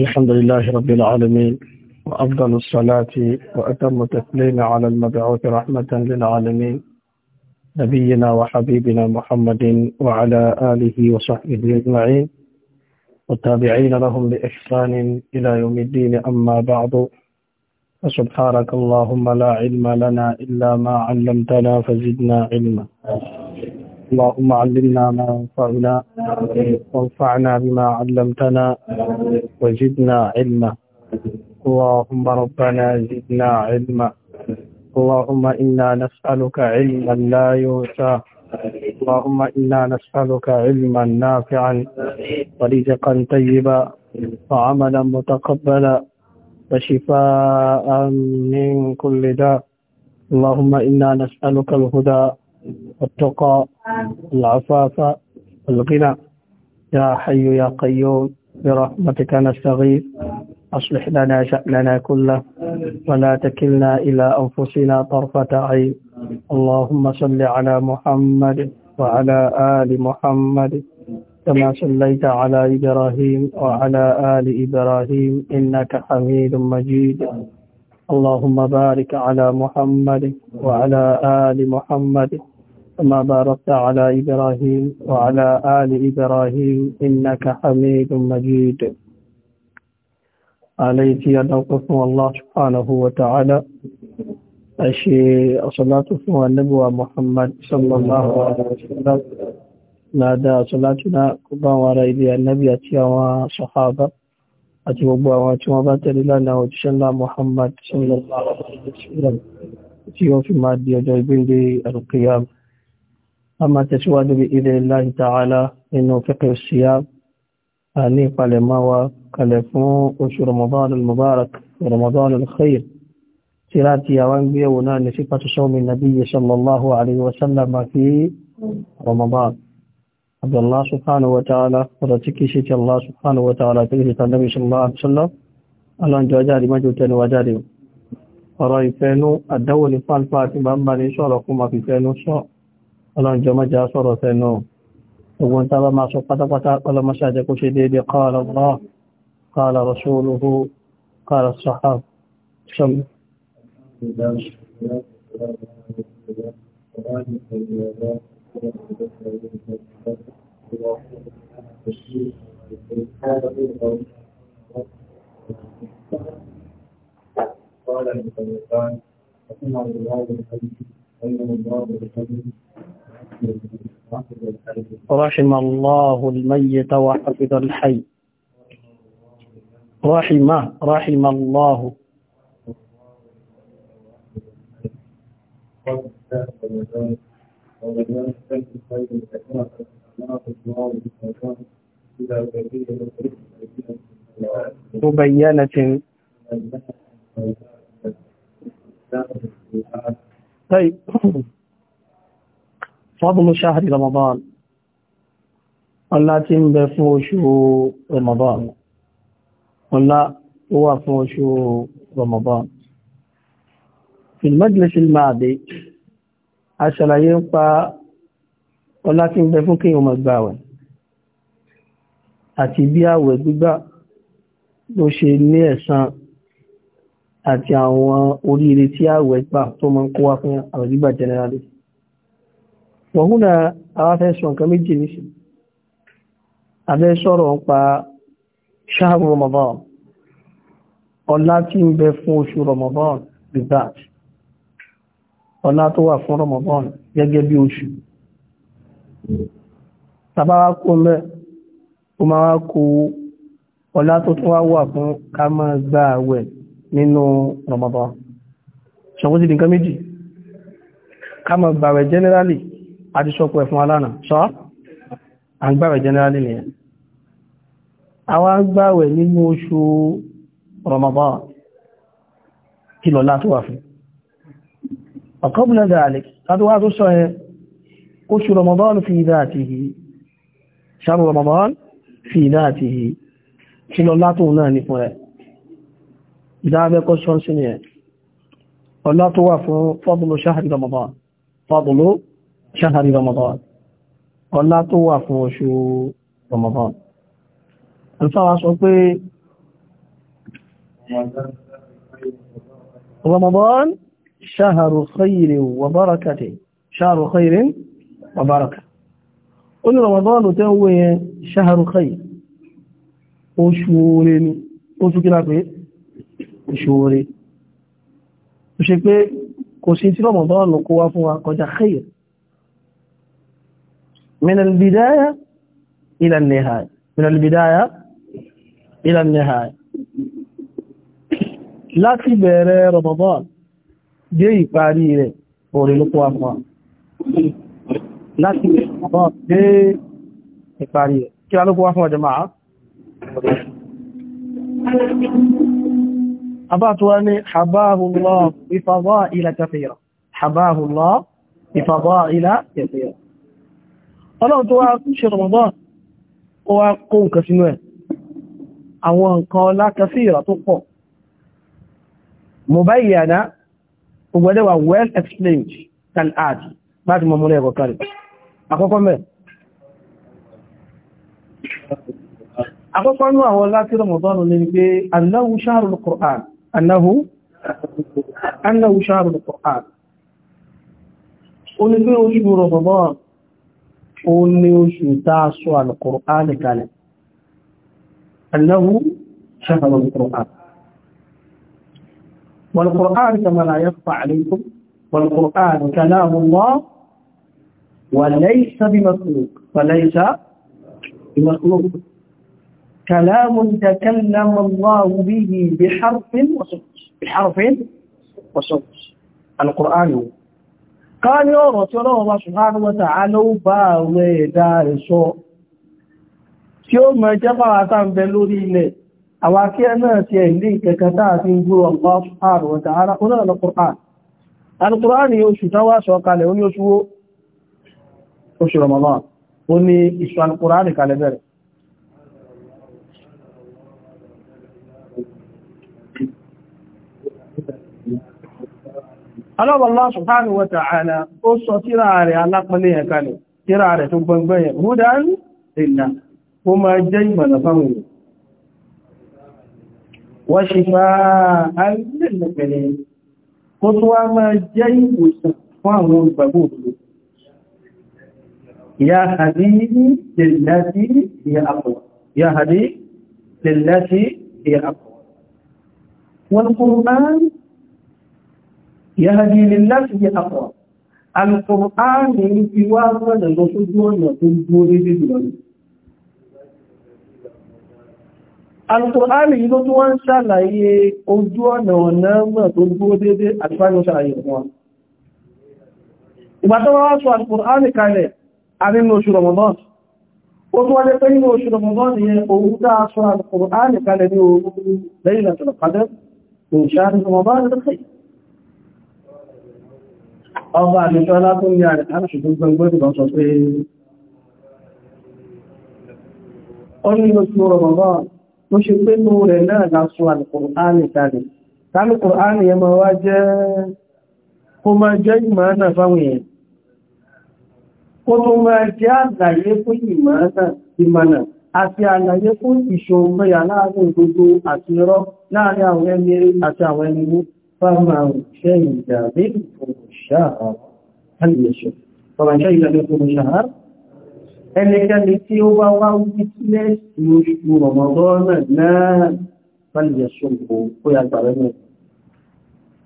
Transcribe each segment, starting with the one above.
الحمد لله رب العالمين وأفضل الصلاة وأتم التسليم على المبعوث رحمة للعالمين نبينا وحبيبنا محمد وعلى آله وصحبه أجمعين والتابعين لهم بإحسان إلى يوم الدين أما بعد فسبحانك اللهم لا علم لنا إلا ما علمتنا فزدنا علما اللهم علمنا ما ينفعنا وانفعنا بما علمتنا وزدنا علما اللهم ربنا زدنا علما اللهم إنا نسألك علما لا يوسع اللهم إنا نسألك علما نافعا ورزقا طيبا وعملا متقبلا وشفاء من كل داء اللهم إنا نسألك الهدى والتقى العفاف والغنى يا حي يا قيوم برحمتك نستغيث أصلح لنا شأننا كله ولا تكلنا إلى أنفسنا طرفة عين اللهم صل على محمد وعلى آل محمد كما صليت على إبراهيم وعلى آل إبراهيم إنك حميد مجيد اللهم بارك على محمد وعلى آل محمد كما باركت على إبراهيم وعلى آل إبراهيم إنك حميد مجيد عليك أن أدوقف الله سبحانه وتعالى أشي صلاة النبوة محمد صلى الله عليه وسلم نادى صلاتنا كبا ورأي النبي أتيا وصحابة أتي وبوا وتوابات لنا وتشلى محمد صلى الله عليه وسلم أتيا في مادية جايبين دي القيامة أما تسواد بإذن الله تعالى إنه فقه الصيام أني قال ما وكلفون وش رمضان المبارك ورمضان الخير سيراتي يوان بيونا لصفة صوم النبي صلى الله عليه وسلم في رمضان عبد الله سبحانه وتعالى ورتكي شيء الله سبحانه وتعالى تجري النبي صلى الله عليه وسلم الله جوجاري ما جوتن وجاري ọ̀rọ̀ ìfẹ́nú àdáwò ní fàlfà àti bàbá في sọ̀rọ̀ fún ọlọ́njọ́ mọ́já sọ̀rọ̀ tẹnu ogun tàbá máa sọ pátápátá ọlọ́mọṣà jẹ́ kó ṣe dédé qala Allah qala rasuluhu qala sahab قال ابن رحمه الله وحمده رحم الله الميت وحفظ الحي رحم رحم الله مبينة طيب fọ́bùlù ṣáàrì Ramadan ọlá tí ń bẹ fún oṣù Ramadan ọlá tó wà fún oṣù Ramadan في المجلس الماضي àṣàlàyé ń pa ọlá tí ń bẹ fún kíyàn máa gbà àwẹ̀ àti bí àwẹ̀ gbígbà ló ṣe ní ẹ̀san àti àwọn oríire tí àwẹ̀ gbà tó máa kó wá fún àwẹ̀ gbígbà generally wọ̀húnà awáfẹ́ sọ nǹkan méjì ní sí abẹ́ sọ̀rọ̀ ń pa ṣáàrù Ramadan ọlá tí ń bẹ fún oṣù Ramadan bidat ọlá tó wà fún Ramadan gẹ́gẹ́ bí oṣù tàbá wá kó mẹ́ ó máa wá kó ọlá tó tún wá wà fún ká máa gba àwẹ̀ nínú Ramadan ṣọ̀gbọ́n sí méjì ká máa gbàwẹ̀ generally àdíṣọ́pọ̀ ẹ̀fún aláàna ṣọ́ àgbàwẹ̀ generally ni àwọn àgbàwẹ̀ nínú oṣù Ramadan kí lọ látó wà fún ọ̀kọ́bùnà dáàlẹ̀ látó wà tó sọ ẹ oṣù Ramadan fi dhatihi ṣàrù Ramadan fi dhatihi kí lọ látó náà ní fún ẹ ìdáàbẹ́kọ́ ṣáhàrí Ramadan ọlá tó wà fún oṣù Ramadan alfáwa sọ pé Ramadan ṣáhàrù khayri wa barakati ṣáhàrù khayri wa baraka ó ní Ramadan tẹ́ ń wé yẹn ṣáhàrù khayri oṣù oore ni oṣù kí lápé oṣù oore ó ṣe pé kò sí tí Ramadan kó wá fún wa kọjá khayri من البداية إلى النهاية من البداية إلى النهاية لا تبير رمضان جي قليل قولي لقوة لا تبير رمضان جي قليل كيف لقوة أخوة جماعة أبات واني حباه الله بفضائل كثيرة حباه الله بفضائل كثيرة ọlọ́run tó wá ṣe rọmọdán ó wá kó nǹkan sínú ẹ̀ àwọn nǹkan lákan sí ìrà tó pọ̀ mubayyana ògbẹ́dẹ̀wà well explained can add láti mọ̀ múlẹ̀ ẹ̀kọ́ kárì àkọ́kọ́ mẹ́ àkọ́kọ́ ní àwọn láti rọmọdán ní pé annahu shahrul Qur'an annahu annahu shahrul Qur'an ó ní pé oṣù rọmọdán قولني وشتا سوى القرآن كان أنه شهر القرآن والقرآن كما لا يخفى عليكم والقرآن كلام الله وليس بمخلوق فليس بمخلوق كلام تكلم الله به بحرف وصوت بحرف وصوت القرآن هو ká ní ọ̀rọ̀ tí ọlọ́wọ́ bá subhanahu wa ta'ala ó bá àwọn ẹ̀dá rẹ̀ sọ tí ó mọ̀ jẹ́ fàwátà ń bẹ lórí ilẹ̀ àwákíẹ́ náà ti ẹ̀ ní ìkẹ̀kẹ̀ta àti ìgbúrọ̀ Allah subhanahu wa Allah subhanahu wa ta'ala ó sọ tíra rẹ̀ alápẹ́lẹ̀ yẹn kalẹ̀ tíra rẹ̀ tó gbọngbọ́n yẹn hudan lillah kó máa jẹ́ ìmọ̀nà fáwọn èèyàn wa shifa'an lil mu'minin kó tó wá máa jẹ́ ìwòsàn fún àwọn yahdi lillati bi aqwa alquran ni fi wá sọ́dọ̀ lọ sójú ọ̀nà tó ń dúró dédé jùlọ ni alquran yìí ló tún wọ́n ṣàlàyé ojú ọ̀nà ọ̀nà mọ̀ tó dúró dédé àtúfáàní ṣàlàyé wọn ìgbà tó wá sọ alquran kalẹ̀ àrin oṣù ramadan ó tó wájẹ́ pé nínú oṣù ramadan yẹn òun dá aṣọ alquran kalẹ̀ ní òun lẹ́yìn àtàlùkadẹ́ òun ṣáà ní ramadan lẹ́yìn ọba àmìtọ́lá tó ní àrẹ̀ṣùgbọ́n gbọ́dọ̀ bá sọ pé ó ní oṣù rọ̀bọ̀bọ̀ tó ṣe pé tó rẹ̀ náà lásọ alìkùránì tàbí alìkùránì yẹ máa wá jẹ́ kó máa àti àlàyé fún láàrin gbogbo àti láàrin àwọn ẹni àti àwọn ẹni mú شاء فليشرب طبعا شهد منكم الشهر ẹnikẹ́ni tí ó bá wá wítínẹ́sì oṣù rọ̀mọ̀dọ́nà náà fàlìyàṣòkò ó yà من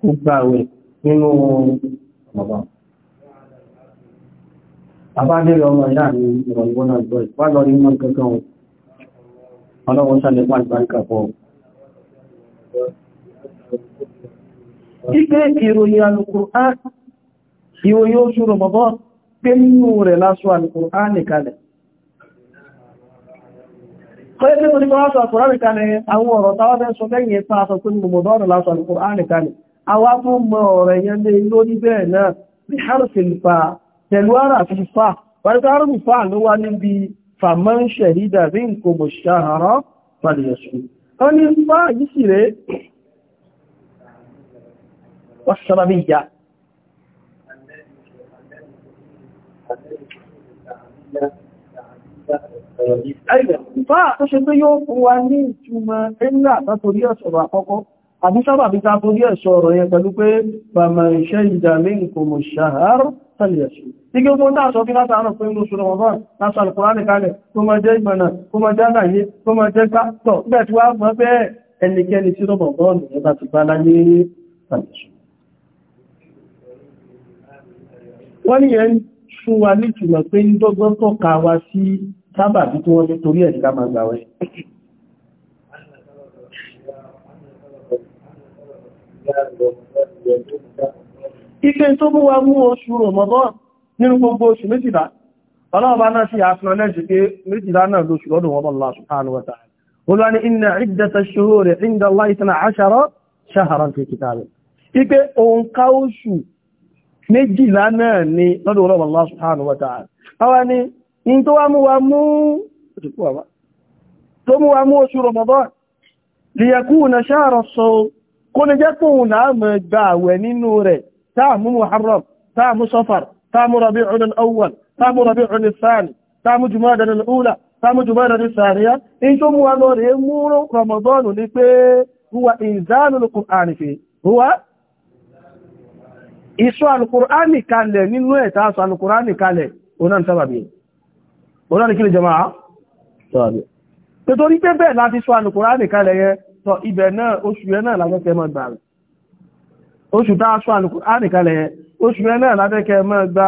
رمضان. ó gbà rẹ̀ nínú ọmọdán. àbádẹ́rẹ̀ ọmọ ìyá mi ìrọ̀lọ́nà ìgbọ́ ìpá lọ rí mọ́ gẹ́gẹ́ ọlọ́wọ́n sálẹ̀ pàgbàríkà pọ̀ Ibé ìròyìn alùkùnrin ìwò yóò ṣúrò bọ́bọ́ pé nínú rẹ̀ lásọ alìkùránì kalẹ̀. kọ́ yẹ́ tí mo ní kọ́ lásọ alìkùránì kalẹ̀ àwọn ọ̀rọ̀ tàwọ́fẹ́ sọ lẹ́yìn ẹ̀fà sọ pé mo mọ̀dọ́ rẹ̀ lásọ alìkùránì kalẹ̀ awá fún mọ ọ̀rẹ̀ yẹn lé lórí bẹ́ẹ̀ náà bí harfin fa pẹ̀lú ara fi fa pẹ̀lú ara fi fa ló wá yìí sì rẹ̀ wọ́n sábàbí ìyá Fáà tó ṣe pé yóò fún wa ní ìtumọ̀ ẹ̀lá àtàtorí ọ̀sọ̀rọ̀ àkọ́kọ́. Àbí sábà bí ta torí ẹ̀ṣọ́ ọ̀rọ̀ yẹn pẹ̀lú pé bàmà iṣẹ́ ìdàmí nǹkan mọ̀ ṣàárọ̀ tàlẹ̀ṣù. Igi ogun dáa sọ kí láti àárọ̀ pé inú oṣù Ramadan láti alùkùránì kalẹ̀ tó máa jẹ́ ìmọ̀nà, tó máa jẹ́ àlàyé, tó máa jẹ́ pátọ̀. Bẹ́ẹ̀ fún wa ní ìtumọ̀ pé ń dọ́gbọ́n tọ́ka wa sí sábàbí tí wọ́n ní torí ẹ̀ ká máa gbàwẹ̀ Ife tó mú wa mú oṣù Ramadan nínú gbogbo oṣù méjìlá, ọlọ́ọ̀bá náà sí àfihàn lẹ́jì pé méjìlá náà lóṣù lọ́dún wọn Allah subhanahu wa ta'ala. Olúwa ni inna iddata shuhuri inda Allah 12 shahran fi kitabihi. Ipe òǹkà oṣù méjìlá náà ni lọ́dọ̀ ọlọ́wọ́ Allah subhanahu wa ta'ala àwa ni in tó wá mú wa mú tó mú wa mú oṣù Ramadan liyakuna shahra as-sawm kó ní jẹ́ tóun náà mọ̀ gba àwẹ̀ nínú rẹ̀ táàmú Muharram táàmú Safar táàmú Rabi'ul Awwal táàmú Rabi'ul Thani táàmú ìsọ alùkùránì kalẹ̀ nínú ẹ̀ta sọ alukoro kalẹ̀ onáà sábàbí onáà kí lè jẹma sábàbí tètorí pé bẹ́ẹ̀ láti sọ alùkùránì kalẹ̀ yẹ tọ ibẹ̀ náà oṣù yẹn náà lábẹ́kẹ́ mọ́ gbà rẹ̀ oṣù tá sọ kalẹ̀ yẹ oṣù yẹn náà lábẹ́kẹ́ mọ́ gbà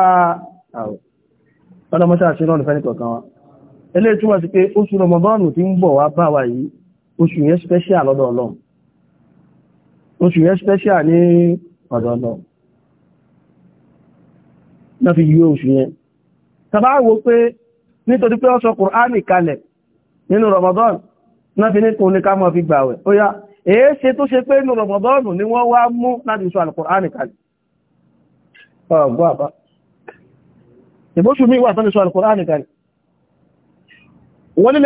àwọn náà fi yíó oṣù yẹn tàbá wo pé nítorí pé ọ̀sọ̀ kùránì kalẹ̀ nínú Ramadan náà fi ní kò ní ká mọ́ fi gbàwẹ̀ ó yá èé ṣe tó ṣe pé nínú Ramadan ni wọ́n wá mú láti sọ alùkùránì kalẹ̀ ọgbọ́ àbá ìbóṣù mi wà tán sọ alùkùránì kalẹ̀ wọ́n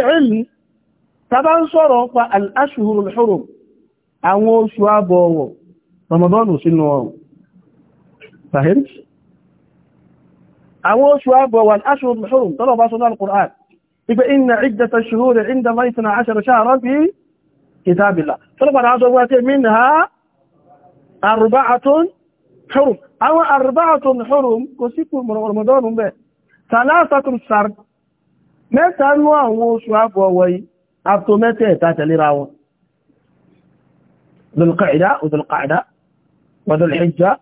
عواش وابوا والأشهر الحرم طلب أصدار القرآن إن عدة الشهور عند الله 12 شهرا في كتاب الله طلب العزوات منها أربعة حرم أو أربعة حرم من رمضان به ثلاثة سرد متى عواش وابوا وي أبتو متى تاتلي راو ذو القعدة وذو القعدة وذو الحجة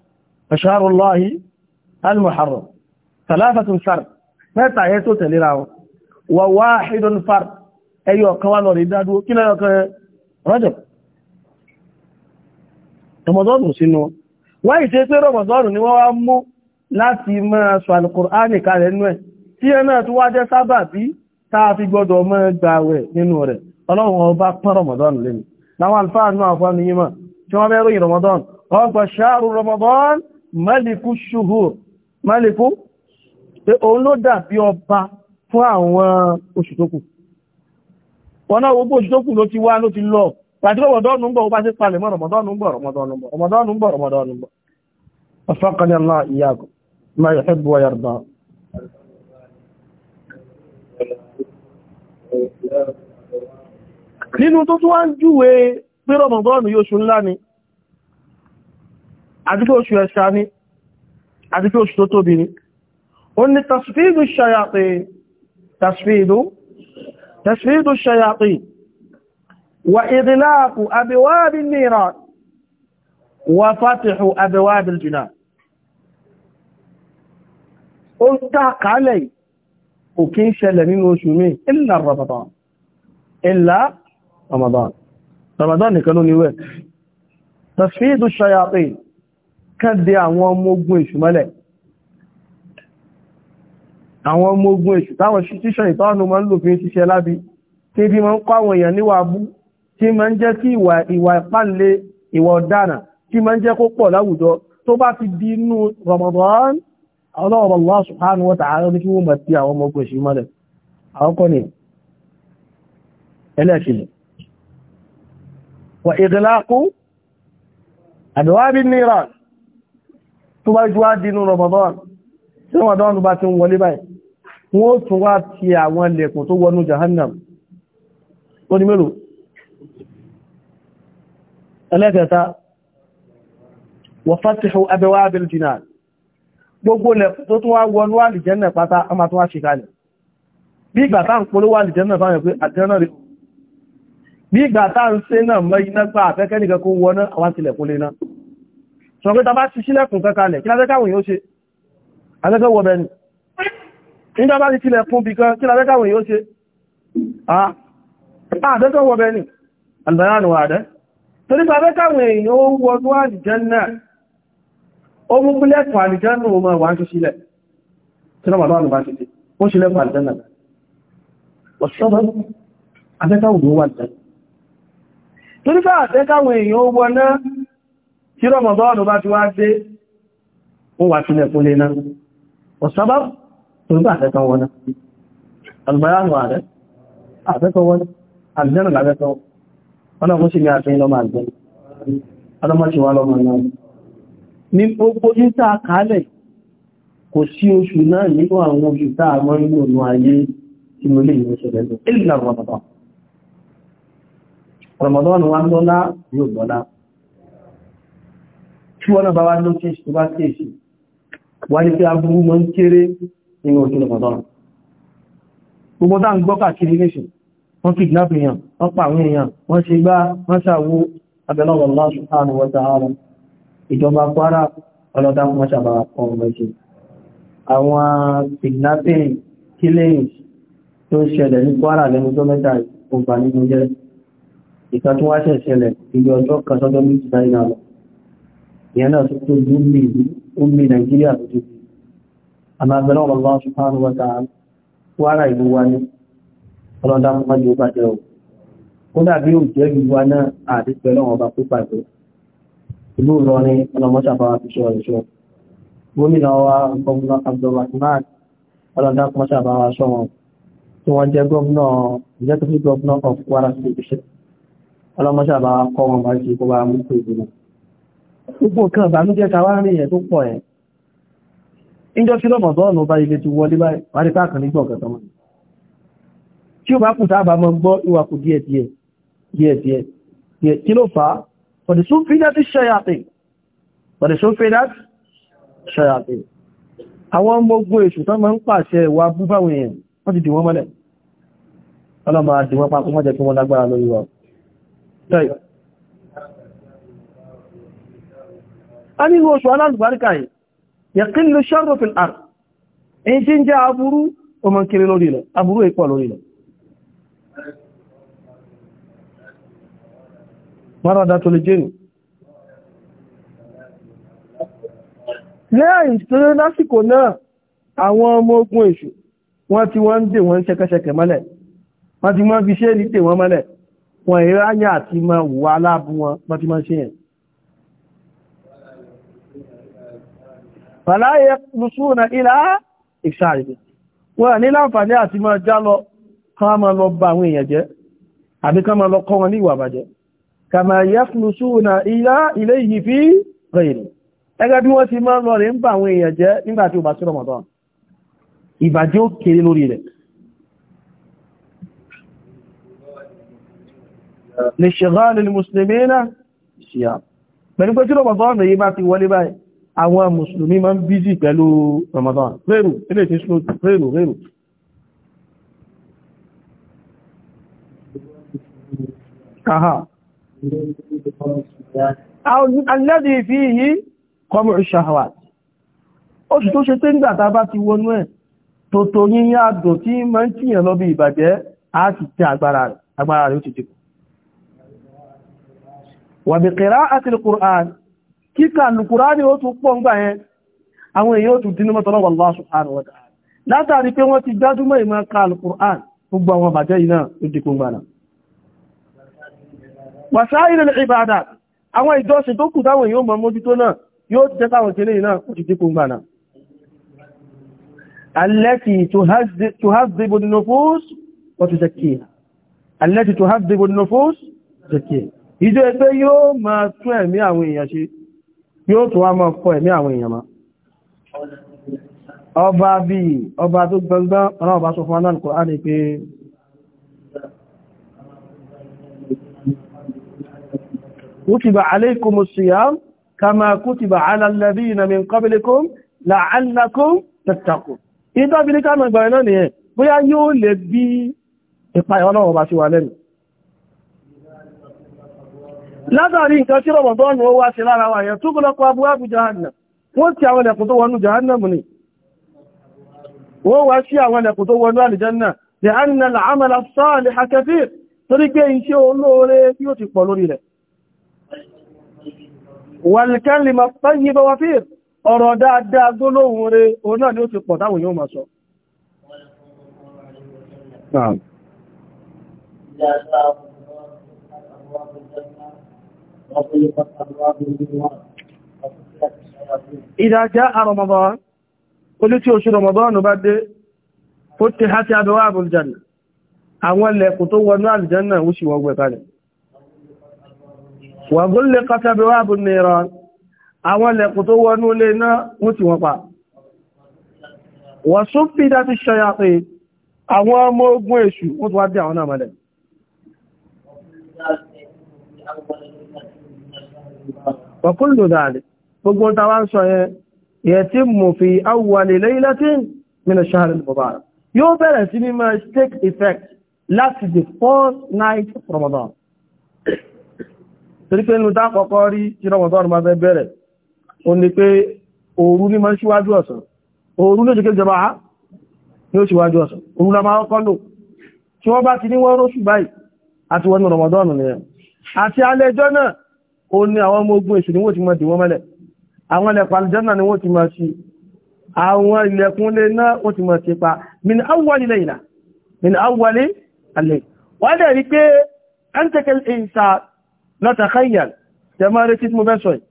أشهر الله المحرم salafatun fard mẹ́ta yẹ tó tẹ̀lera wọn wà wahidun fard ẹyọ ọ̀kan wà lọ rí dádúró kí lẹ́yọ kan Rajab Ramadan sínú wọ́n yìí ṣe pé Ramadan ni wọ́n wá mú láti máa sọ Al-Qur'ani kalẹ̀ ẹ̀ tí ẹ náà tó wá jẹ́ sábàbí táa fi gbọ́dọ̀ mọ́ gbàwẹ̀ nínú maliku pé òun ló dàbí ọba fún àwọn oṣù tó kù wọn náà gbogbo oṣù tó kù ló ti wá ló ti lọ pàdé ọmọdọ́nù ń bọ̀ bá sí palẹ̀ mọ́ ọmọdọ́nù ń bọ̀ ọmọdọ́nù ń bọ̀ ọmọdọ́nù ń bọ̀ ni àti pé oṣù ẹ̀ṣà ni àti pé قلنا تصفيد الشياطين تصفيد تصفيد الشياطين وإغلاق أبواب النيران وفتح أبواب الجنان انتق علي وكيش لمن وشمين إلا رمضان إلا رمضان رمضان يكون يوين تصفيد الشياطين كدي عوام مجموش ملك àwọn ọmọ ogun èṣù táwọn ṣíṣàn ìtọ́nù máa ń lò fi ń ṣiṣẹ́ lábí tí bí máa ń kọ́ àwọn èèyàn níwà abú tí máa ń jẹ́ kí ìwà ìwà ìpáǹle ìwà ọ̀daràn tí máa ń jẹ́ kó pọ̀ láwùjọ tó bá ti di inú Ramadan ọlọ́ọ̀bọ̀ Allah subhanahu wa ta'ala ní kí wọ́n mọ̀ sí bá ti ń wọlé báyìí wọ́n tún wá ti àwọn ilẹ̀kùn tó wọnú jahannam ó ní mélòó ẹlẹ́kẹta wọ́n fásitì abẹ́wà abẹ́lì jìnà gbogbo ilẹ̀kùn tó tún wá wọnú àlìjẹ́nà pátá ọmọ tó wá ṣe bí ìgbà tá ń polówó àlìjẹ́nà fáwọn pé àjẹ́nà rẹ̀ nígbà bá ti tilẹ̀ fún bí kan kí la rẹ́kàwò yóò ṣe àádọ́tọ̀ wọ bẹni albayanu àádẹ́ tó nípa rẹ́kàwò èèyàn ó wọ tó àlìjẹ́nà ó mú pílẹ̀kù àlìjẹ́nà ó mọ̀ wà ń ṣíṣílẹ̀ tí wọ́n bá bá ṣe ó ṣílẹ̀kù àlìjẹ́nà ọ̀ṣọ́bọ̀ torí bá àfẹ́kan wọn albayanu ààrẹ àfẹ́kan wọn aljanna àfẹ́kan wọn kó ṣe ní àfẹ́yìn lọ́mọ aljanna adọ́mọ́ṣíwá lọ́mọ náà ní gbogbo ìta kálẹ̀ kò sí oṣù náà nínú àwọn oṣù táà mọ́ nínú ọ̀nà ayé tí mo lè yíò ṣẹlẹ̀ lọ ìlà Ramadan Ramadan wa lọ́lá yóò lọ́lá tí wọ́n náà bá wá lókè tó nínú oṣù Ramadan gbogbo tá ń gbọ́ káàkiri nation wọ́n kidnap èèyàn wọ́n pa àwọn èèyàn wọ́n ṣe gbá wọ́n ṣàwó abẹ́lọ́wọ̀ Allah subhanahu wa ta'ala ìjọba Kwara ọlọ́dá wọ́n ṣàbà ọmọ ẹ̀ṣẹ̀ àwọn killings tó ń ṣẹlẹ̀ ní Kwara lẹ́nu tó mẹ́ta ògbà nínú jẹ́ ìka tó wáṣẹ̀ ṣẹlẹ̀ ibi ọjọ́ kan sọ́jọ́ méjì báyìí náà lọ ìyẹn náà tó tó àmà àbẹ̀rẹ̀ ọ̀rọ̀ ṣùgbọ́n wọ́n ìlú wa ní ọlọ́dà fún ọjọ́ bàjẹ́ o ó dàbí òjẹ́ ìlú wa náà àti pẹ̀lú ọba tó pàdé ìlú Ìlọrin ọlọ́mọṣàfàwà fi ṣọ́ ìṣọ́ gómìnà wa gómìnà Abdulrahman ọlọ́dà fún ọṣàfàwà ṣọ́ wọn tí wọ́n jẹ́ gómìnà executive governor of Kwara State ọlọ́mọṣàfàwà kọ́ wọn bá ṣe kó bá mú kó ìgbìmọ̀ gbogbo nǹkan ìbànújẹ́ ta wá rìn yẹn tó ìjọ sí lọ́mọ̀ bọ́ ọ̀nà ọba ilé ti wọlé báyìí wà ní káàkiri gbọ̀ǹkan tọ́mọ̀ tí ó bá kù sáàbà mọ́ gbọ́ ìwà kù díẹ̀ díẹ̀ díẹ̀ kí ló fà á pọ̀dẹ̀ sún fi láti ṣẹ́yàtì pọ̀dẹ̀ sún fi láti ṣẹ́yàtì àwọn ọmọ ogun èṣù tán máa ń pàṣẹ ìwà yìí yẹ̀kínlú ṣọ́rọ̀ fi àrù in ṣe ń jẹ́ aburú ọmọ kiri lórí lọ aburú ipò lórí lọ marada tó lè jẹ́nu lẹ́yìn tó lásìkò náà àwọn ọmọ ogun èṣù wọ́n ti wọ́n ń dè wọ́n ṣẹ̀kẹ̀ṣẹ̀kẹ̀ mọ́lẹ̀ wọ́n ti wọ́n fi ṣe ní dè wọ́n mọ́lẹ̀ wọ́n ìráyà àti ma wà láàbù wọn wọ́n ti máa ṣe yẹn fàláyé lùsúnà ilá ìṣàrìbì wọ́n ní láǹfààní àti máa já lọ kán máa lọ bá àwọn èèyàn jẹ́ àbí kán máa lọ kọ́ wọn ní ìwà bàjẹ́ kàmà yẹ lùsúnà ilá ilé yìí fi rẹ̀yìn ẹgẹ́ bí wọ́n ti máa lọ rẹ̀ ń bá àwọn èèyàn jẹ́ lè ṣe rán ní mùsùlùmí náà ṣíyà pẹ̀lú pé tí Ramadan yìí bá ti wọlé báyìí àwọn mùsùlùmí máa ń bízì pẹ̀lú Ramadan rẹ̀rù ilé tí slow rẹ̀rù rẹ̀rù káhà alẹ́dì fi yí kọmù ìṣàwà oṣù tó ṣe tí ń gbàta bá ti wọnú ẹ̀ tó tó yí ní àdò tí máa ń tíyàn lọ bí ìbàjẹ́ á ti tẹ agbára rẹ̀ ó ti dìkù wàbí qira'atil kíkà lùkùránì ó tún pọ̀ ńgbà yẹn àwọn èèyàn ó tún dínú mọ́tọ́lá Allah subhanahu wa ta'ala látàrí pé wọ́n ti gbájúmọ́ ìmọ̀ ká lùkùrán gbogbo àwọn bàjẹ́ iná ó di kún gbàna wàsáìrì ìbàdà àwọn ìjọsìn tó kù táwọn èèyàn mọ̀ mójútó náà yóò jẹ́ táwọn kéré iná ó ti dínkù gbàna allati tuhazzibu an-nufus wa ìjọ ẹgbẹ́ yóò máa tún ẹ̀mí àwọn èèyàn ṣe yóò tún wá mọ́ kọ́ ẹ̀mí àwọn èèyàn máa ọba bí ọba tó gbọ́ngbọ́n ọ̀nà ọba sọ fún anáà kò á ní pé kútìbà alaykumus siyam kama kútìbà ala alladhina min qablikum la'allakum tattaqun ìdọ́bìnrin ká mọ̀ látàrí nǹkan tí rọ̀mọ̀dán ni ó wá sí lára wáyẹ̀ tó gúnlọ́pọ̀ abúwábù jahannam wọ́n ti àwọn ẹ̀kùn tó wọnú jahannam ni wọ́n wá sí àwọn ẹ̀kùn tó wọnú àlìjánà lè anna al'amala salih kathir torí pé iṣẹ́ olóore bí ó ti pọ̀ lórí rẹ̀ wal kalima إذا جاء رمضان قلت يوش رمضان وبعد فتحت أبواب الجنة أولا قطوة النار الجنة وشي وهو قال وغلقت أبواب النيران أولا قطوة نولينا وشي وقع وصفدت الشياطين àwọn ọmọ ogun èṣù wọ́n tó وكل ذلك gbogbo ta wá ń sọ yẹn yatimmu fi awwali laylatin min ash-shahr al-mubarak yóò bẹ̀rẹ̀ sí ní take effect láti the first night of Ramadan torí pé nínú dákọ̀ọ́kọ́ rí tí Ramadan máa fẹ́ bẹ̀rẹ̀ o ní pé òru ní máa ń ṣíwájú ọ̀sán òru ló jẹ́kẹ́ jẹba ní ó ṣíwájú ọ̀sán òru la máa kọ́ ó ní àwọn ọmọ ogun èṣù ni wọ́n ti mọ̀ dì wọ́n àwọn ilẹ̀kùn aljanna ni wọ́n ti mọ̀ sí àwọn ilẹ̀kùn lè náà ó ti mọ̀ sí pa min awwali layla min awwali al-layl wọ́n dẹ̀ rí pé antakal insa la takhayyal tẹ̀mọ́ retí tí mo fẹ́ sọ yìí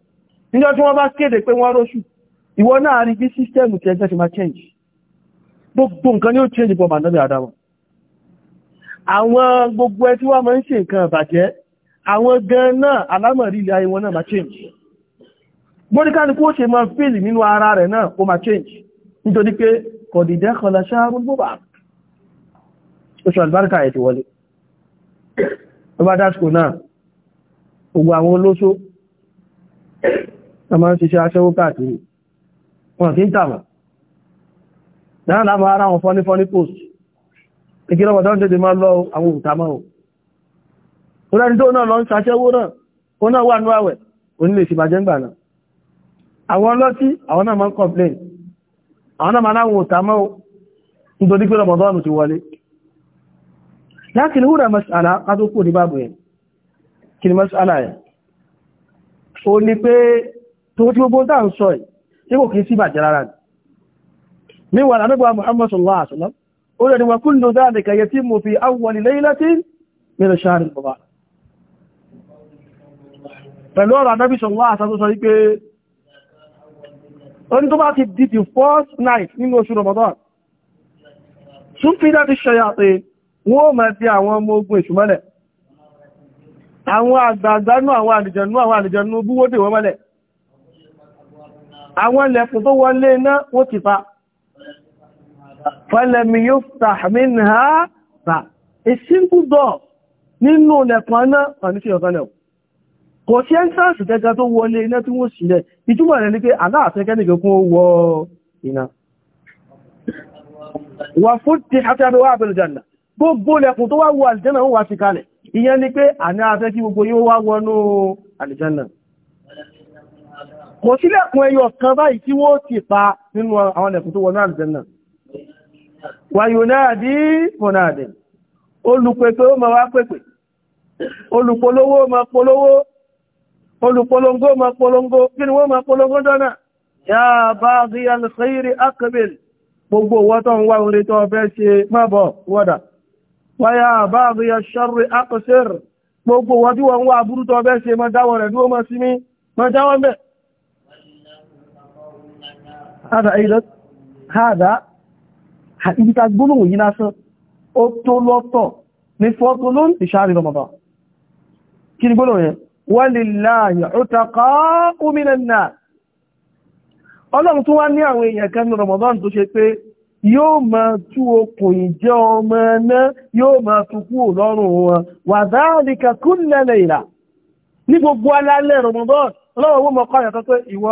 níjọ́ tí wọ́n bá kéde pé wọ́n róṣù ìwọ náà rí bí sístẹ́mù tí ẹgbẹ́ àwọn gan náà alámọ̀rí ilẹ̀ ayé wọn náà máa change bóríká ní kó ṣe máa fíìlì nínú ara rẹ̀ náà ó máa change nítorí pé kọ̀dìdẹ́ kọlá ṣáàrùn bó bá oṣù àlùbáríkà ẹ̀ ti wọlé ọba dáṣkò náà gbogbo àwọn olóṣó a máa ń ṣiṣẹ́ aṣẹ́wó káàkiri wọn kí ń tàbà dáadáa máa ara wọn fọ́nífọ́ní ọ̀rẹ́ni tó náà lọ ń ṣaṣẹ́wó náà ó náà wà ní àwẹ̀ onílé ìṣìbàjẹ́ ń gbà náà àwọn ọlọ́tí àwọn náà máa ń complain àwọn náà máa láwọn òta mọ́ nítorí pé Ramadan ti wọlé lákìlì húrà mas'ala adókò ní bábù yẹn kí ni mas'ala yẹn ó ní pé tó tí gbogbo dáa ń sọ ẹ̀ tí kò kìí sí bàjẹ́ rárá min ash-shahr pẹ̀lú ọ̀rọ̀ Ànábì sallallahu alaihi wasallam wípé oní tó bá ti di the first night nínú oṣù Ramadan súnfídá ti ṣayàtì wọ́n mẹ́ ti àwọn ọmọ ogun èṣù mọ́lẹ̀ àwọn àgbàgbánú àwọn àlìjẹ̀nú àwọn àlìjẹ̀nú búwódè wọ́n mọ́lẹ̀ àwọn ilẹ̀kùn tó wọlé iná wọ́n ti pa fẹ́lẹ̀mí yóò tààmì ní ha ta a simple door nínú ilẹ̀kùn aná pàníṣẹ́ ọ̀sánlẹ̀kùn kò sí ẹ́ńtẹ́ǹsì gẹ́gẹ́ tó wọlé iná tí wọ́n sílẹ̀ ìtumọ̀ rẹ̀ ní pé aláàfẹ́ kẹ́nìkan kún wọ iná wà fún ti àti àbẹ̀wà àbẹ̀lẹ̀jànà gbogbo lẹ́kùn tó wá wọ àlìjánà wọ́n wá ti kalẹ̀ ìyẹn ni pé àní afẹ́ kí gbogbo yóò wá wọnú àlìjánà kò sí lẹ́kùn ẹyọ kan báyìí tí wọ́n ti pa nínú àwọn lẹ́kùn tó wọnú àlìjánà wà yóò náà dí fọ́nà olùpẹ̀pẹ̀ ó ma wá pẹ̀pẹ̀ olùpolówó ma polówó olùpolongo ma polongo kí ni wọ́n ma polongo dọ́nà ya bá rí alkhairi akabil gbogbo wọ́tọ̀ ń wá orí tó fẹ́ ṣe mọ́bọ̀ wọ́dà wáyá bá rí aṣọ́rì akasir gbogbo wọ́n tí wọ́n wá burú tó fẹ́ ṣe mọ́ dáwọ̀ rẹ̀ dúró mọ́ sí mi mọ́ dáwọ̀ mẹ́ walillahi utaqa'u minan nar ọlọ́run tó wá ní àwọn èèyàn kan ní Ramadan tó ṣe pé yóò máa tú okùn ìjẹ́ ọmọ náà yóò máa tukú lọ́rùn wọn wa dhalika kulla layla ní gbogbo alálẹ̀ Ramadan ọlọ́run wọ́n mọ̀kọ́ àyàtọ́ pé ìwọ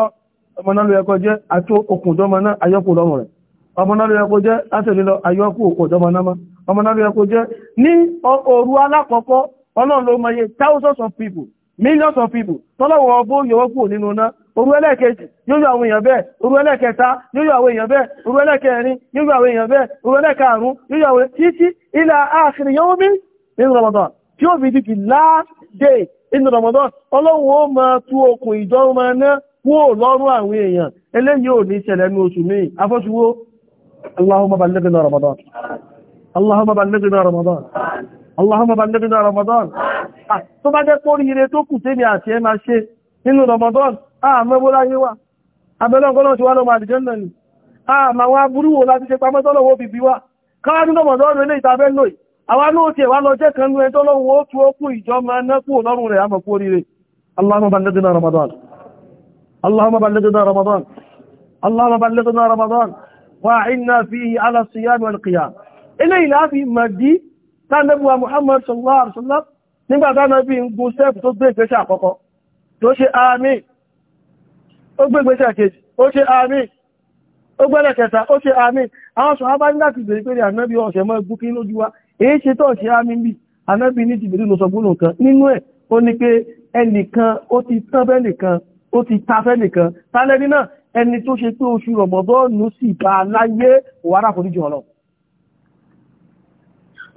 ọmọ náà ló yẹ kó jẹ́ àti okùn ìjọmọ náà thousands of people millions of people tọ́lọ́wọ́ ọbó yọwọ́ kúrò nínú iná orú ẹlẹ́ẹ̀kejì yóò yọ àwọn èèyàn bẹ́ẹ̀ orú ẹlẹ́ẹ̀kẹta yóò yọ àwọn èèyàn bẹ́ẹ̀ orú ẹlẹ́ẹ̀kẹrin yóò yọ àwọn èèyàn bẹ́ẹ̀ orú ẹlẹ́ẹ̀karùn yóò yọ àwọn títí ila akhir yawmin min Ramadan tí ó fi the last day in Ramadan ọlọ́wọ́ ó máa tú okùn ìjọ máa ná kúrò lọ́rùn àwọn èèyàn eléyìí ò ní ṣẹlẹ̀ ní Allahumma ballighna Ramadan Allahumma ballighna Ramadan Allahumma ballighna Ramadan. Tó bá jẹ́ kó rí ire tó kù tèmi àti ẹ máa ṣe nínú Ramadan, a mẹ́bó láyé wà. Abẹ́lọ́ ọgọ́lọ́ ti wá lọ́mọ àdìjẹ́nà ni. A ma wá burú wo láti ṣe pamọ́ tọ́lọ́wọ́ bìbí wá. Káwá ní Ramadan ilé ìtafẹ́ lòì. Àwa náà ti ẹ̀wà lọ jẹ́ kan ní ẹjọ́ lọ́wọ́ ó tú ó kú ìjọ máa ná kú lọ́rùn rẹ̀ àmọ̀ kú oríire. Allahumma ballighna Ramadan. Allahumma ballighna Ramadan tánàbíwa Muhammad sallallahu alaihi wasallam nígbà tánàbí ń gun sẹ́ẹ̀pù tó gbé ìgbésẹ̀ àkọ́kọ́ tó ṣe àmì ó gbé ìgbésẹ̀ kejì ó ṣe àmì ó gbẹ́lẹ̀ kẹta ó ṣe àmì àwọn sọ̀hábá ní láti bèèrè pé ànábí ọ̀sẹ̀ mọ́ gún kí lójú wa èyí ṣe tọ́ ṣe àmì bí ànábí ní jìbìrì lọ sọ gbónà kan nínú ẹ̀ ó ní pé ẹnìkan ó ti tán fẹ́nìkan ó ti ta fẹ́nìkan tálẹ́ni náà ẹni tó ṣe pé oṣù rọ̀mọ̀dọ́ọ̀nù sì bá láyé òwárà foríjì ọlọ́run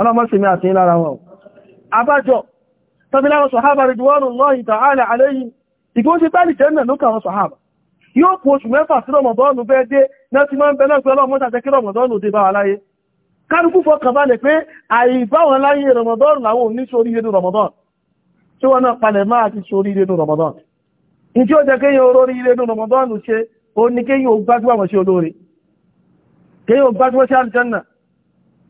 ọlọ́mọ́sí mi àti ìlara wọn abájọ́ tàbí láwọn sọ̀hábà ridwanullahi ta'ala alayhim ìgbó sí bẹ́ẹ̀lì jẹ́nà ló kàwọn sọ̀hábà yóò kú oṣù mẹ́fà sí rọmọdọ́nù bẹ́ẹ̀ dé náà ti máa ń bẹ́ẹ̀ pẹ́ ọlọ́mọ́sàtẹ́kí rọmọdọ́nù dé bá wa láyé kálukú fọkàn balẹ̀ pé àìbáwọn láyé rọmọdọ́nù làwọn ò ní sórí nínú rọmọdọ́nù tí wọ́n náà palẹ̀ máa ti sórí nínú rọmọdọ́nù ìjí ó jẹ́ kéyàn orórí nínú rọmọdọ́nù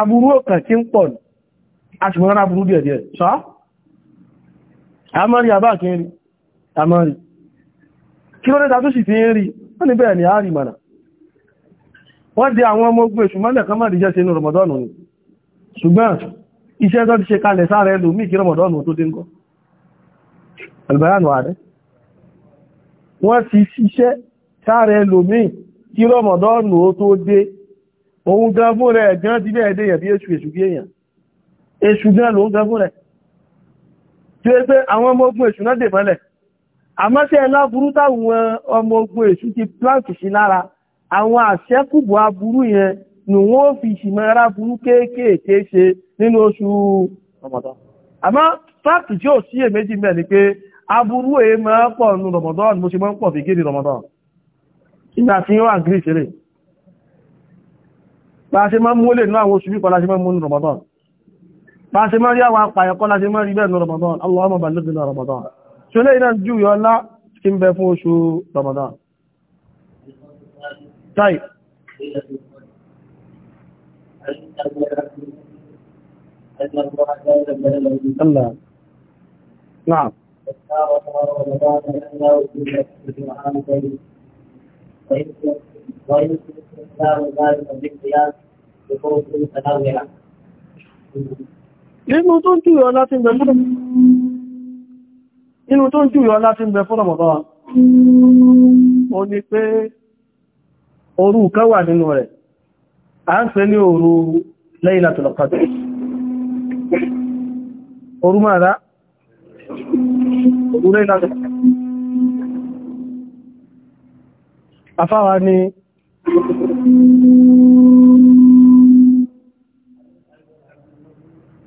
aburú ọ̀kàn tí ń pọ̀ aṣùgbọ́n aburú díẹ̀díẹ̀ ṣá àmọ́rí àbá kí ń rí àmọ́rí kí ló dẹ́ta tó sì fi ń rí wọ́n ní bẹ́ẹ̀ ni àárí mànà wọ́n di àwọn ọmọ ogun èṣù mọ́lẹ̀ kan máàrí jẹ́sẹ̀ inú rọmọdọ́nù ni ṣùgbọ́n iṣẹ́ tó òun gan fún rẹ̀ gan ti bẹ́ẹ̀ dẹ̀yẹ̀ bí èṣù èṣù bí èyàn èṣù gan lòun gan fún rẹ̀ tí ó pé àwọn ọmọ ogun èṣù náà dè mọ́lẹ̀ àmọ́ṣẹ́ láburú táwọn ọmọ ogun èṣù ti plant sí lára àwọn àṣẹ́kùbọ̀ aburú yẹn ni wọ́n fi ṣìmọ́ra burú kéékèèké ṣe nínú oṣù Ramadan àmọ́ fact tí ó sí èméjì mẹ́ ni pé bá ṣe máa mú lè ní àwọn oṣù bí kọlá ṣe máa mú ní Ramadan bá ṣe máa rí àwọn apàyẹ̀kọ́ láti máa rí bẹ́ẹ̀ ní Ramadan Allahumma ballighna Ramadan ṣe lè iná jù yọ ńlá kí ń bẹ fún oṣù Ramadan tai Allah na'am وإن وإن ذلك بالقياس Nínú tó ń jùyọ láti ń bẹ fún ọmọdọ́ wa, ó ní pé òru kan wà nínú rẹ̀, a ń pè ní òru Laylatul Qadr. Òru máa rá, òru Laylatul Qadr. Afáwa ni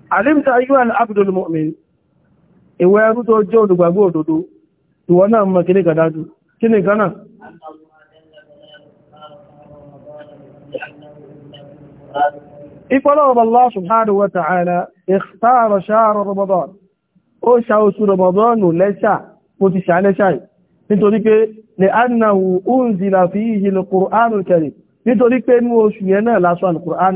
alimta ayyuha al-abdul mu'min ìwọ ẹrú tó jẹ́ olùgbàgbọ́ òdodo ìwọ náà mọ̀ kíní kan dájú kíní kan náà ìpọ́lọ̀ Allah subhanahu wa ta'ala ikhtara shahra Ramadan ó ṣà oṣù Ramadan lẹ́ṣà mo ti ṣà lẹ́ṣà yìí nítorí pé lè annahu unzila fihi al-Qur'an al-Karim nítorí pé ní oṣù yẹn náà lásọ al-Qur'an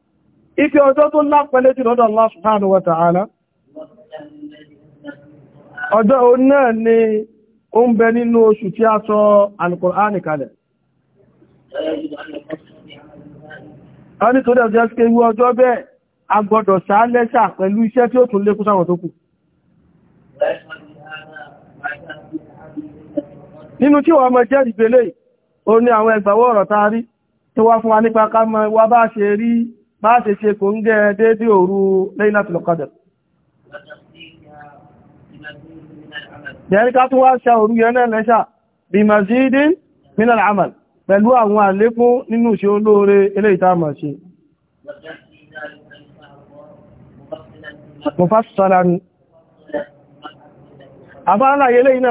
ife ọjọ́ tó lápẹẹlẹ́ tí lọ́dọ̀ Allah subhanahu wa ta'ala ọjọ́ o náà ni o ń bẹ nínú oṣù tí a sọ alkùnránì kalẹ̀ a ní tó dẹ̀ jẹ́ wú ọjọ́ bẹ́ẹ̀ a gbọ́dọ̀ sáálẹ́sà pẹ̀lú iṣẹ́ tí ó tún tó kù o bá ṣe ṣe kò ń gẹ́ dédé òru Laylatul Qadr yẹni ká tún wá ṣe òru yẹn náà lẹ́ṣà bí mazidin minal amal pẹ̀lú àwọn àlékún nínú ṣe olóore eléyìí tá máa ṣe mufassalan àbáàlà ilé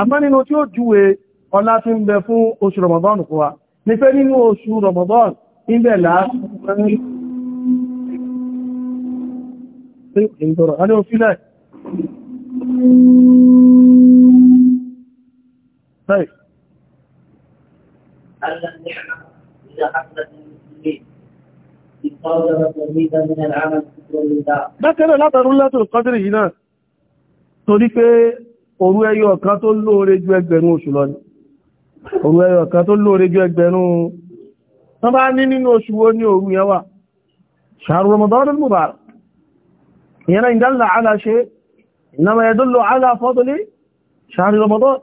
Allah ọlá tí ń bẹ fún oṣù Ramadan kó wa ní pé nínú oṣù Ramadan ìbẹ̀ láàrín النعمة إذا حصلت المسلمين Bákanáà látàrún látò kọ́dìrì yìí náà, torí pé òru ẹyọ ọ̀kan tó lóore ju ẹgbẹ̀rún oṣù lọ ni òru ẹyọ kan tó lóore ju ẹgbẹ̀rún wọ́n bá ní nínú oṣù wo ní òru yẹn wà ṣàrù Ramadan al-mubarak ìyẹn náà ìdánlá ala ṣe ìnáma yadullu ala fadli ṣàrù Ramadan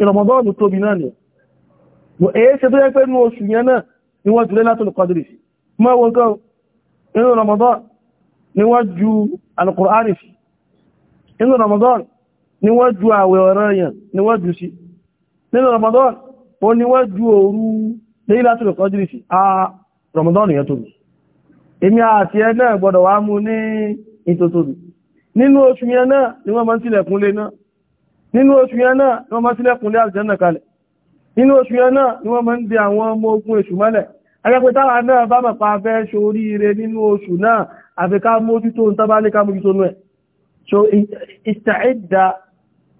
ìrọmọdọ́ọ̀dù tóbi náà ni mo èé ṣe tó yẹ pé ní oṣù yẹn wọ́n ju alukùránì sí inú Ramadan ni wọ́n ju àwẹ̀ ọ̀rọ̀ yẹn ni wọ́n ju sí nínú Ramadan ó ní wọ́n ju òru Laylatul Qadri sí a Ramadan yẹn tóbi èmi àti ẹ náà gbọ́dọ̀ wá mú ní ìtòtòbí nínú oṣù yẹn náà ni wọ́n máa ń tilẹ̀kùn lé náà nínú oṣù yẹn náà ni wọ́n máa ń tilẹ̀kùn lé àlùjànnà kalẹ̀ nínú oṣù yẹn náà ni wọ́n máa ń di àwọn ọmọ ogun èṣù mọ́lẹ̀ agẹ́pẹ́tàwà náà bá mọ̀ pa fẹ́ ṣoríire nínú oṣù náà àfi ká mójútó ń tábálé ká mójútó náà so ìtàídà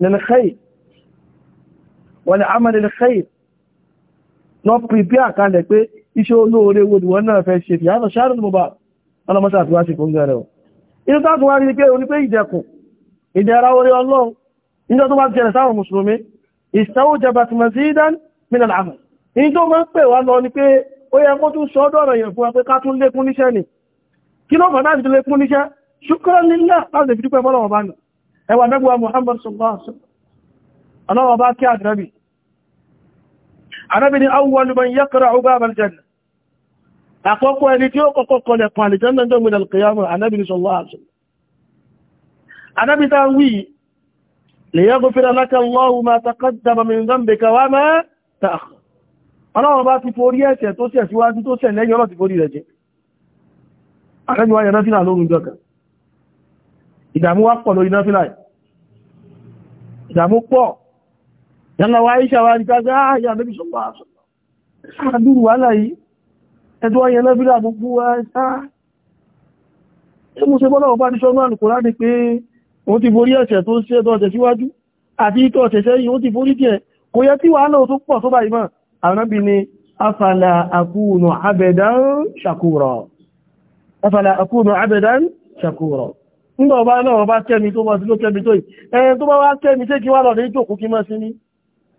nìkẹ́ wọ́n ni amẹ́lẹ̀ lè kẹ́yì lọ pìpí àkàlẹ̀ pé iṣẹ́ olóore wo ni wọ́n náà fẹ́ ṣe fi yàtọ̀ ṣáàrùn mọ́bà ọlọ́mọ́sá àti wáṣì fún gẹ̀rẹ̀ inú táàtù wá rí pé orí pé ìdẹ̀kùn ìdẹ̀ra orí ọlọ́run níjọ́ tó bá jẹ́rẹ̀ sáwọn mùsùlùmí ìsáwó jẹba ti mọ̀ sí ìdán mìíràn àmà ní tó máa ń pè wá lọ ni pé ó yẹ kó tún sọ́dọ̀ ọ̀rọ̀ yẹn fún wa pé ká tún lékún níṣẹ́ bá kí àdìrẹ́bì arábìnrin awwalu man yaqra'u baba al-janna àkọ́kọ́ ẹni tí ó kọ́kọ́ kọlẹ̀ kan àlìjánà jọmìnà al-qiyamah anábìnrin sallallahu alaihi wasallam anábìta wí li yaghfira laka Allahu ma taqaddama min dhanbika wa ma ìdàmú pọ̀ yàmà wá iṣẹ́ wa ní káàkiri àyà lóbi sọ́pọ̀ àdúrù wà láyé ẹjọ́ ayẹ lọ́bílà gbogbo ẹ̀sá ẹmú se bọ́lọ̀wọ̀ bá ní sọ́gbọ́n alùkùnrá ni pé o ti borí ẹ̀ṣẹ̀ tó ń ṣe ẹ̀tọ́ ọ̀tẹ̀ síwájú àti ìtọ́ ọ̀tẹ̀ sẹ́yìn o ti borí jẹ́ kò yẹ tí wàhálà tó pọ̀ tó báyìí mọ́ àrábì ni afala akúnù abẹ̀dán ṣàkúrọ̀ afala akúnù abẹ̀dán ṣàkúrọ̀ nígbà ọba náà ọba kẹ́mi tó bá sí ló kẹ́mi tó yìí ẹ̀yẹn tó bá wá kẹ́mi sé kí wá lọ ní ìjòkó kí mọ́ sí ní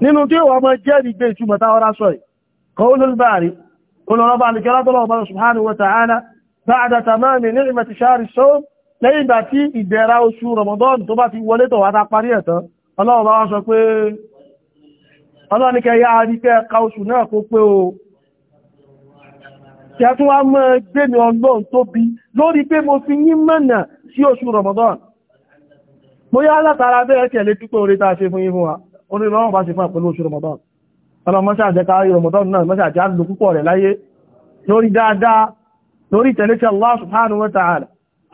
nínú tí ó wà mọ́ jẹ́rì gbé ìtumọ̀ táwọn aṣọ ì kọlùl bari olùrọ̀bà alìkẹ́lọ́tọ́lọ́ọ̀bá subhanahu wa ta'ala ba'da tamami ni'mati shahri sawm lẹ́yìn ìgbà tí ìdẹ̀ra oṣù Ramadan tó bá ti wọlé tọ̀ wátá parí ẹ̀tàn Ọlọ́run bá wọ́n sọ pé ọlọ́nikẹ́ yá rí pé ẹka oṣù náà kó pé o tí a tún mo yá látara bẹ́ẹ̀ tẹ̀lé dúpẹ́ orí ta ṣe fún yín wa orí lọ́wọ́ bá ṣe fún àpẹẹlú oṣù Ramadan ọlọ́mọ́ṣà àjẹká Ramadan náà mọ́ṣà àjẹ́ àlò púpọ̀ rẹ̀ láyé lórí dáadáa lórí ìtẹ̀lé tí Allah subhanahu wa ta'ala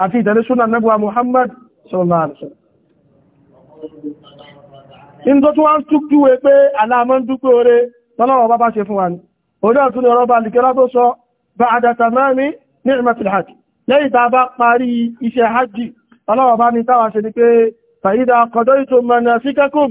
àti ìtẹ̀lé súnà nẹ́gbà Muhammad sallallahu alaihi wasallam in tó tún wá ń túkúwé pé aláàmọ́ ń dúpé oré tọ́lọ́wọ́ bá bá ṣe fún wa ní orí ọ̀tún ni ọ̀rọ̀ bá lìkẹ́lá tó sọ bá àdàtà máa ní ní ìrìnmọ̀tìlì hajj lẹ́yìn táwà ṣe ni pé fàyídà kọ̀dọ́ ìtò mọ̀nà síkẹ́kùn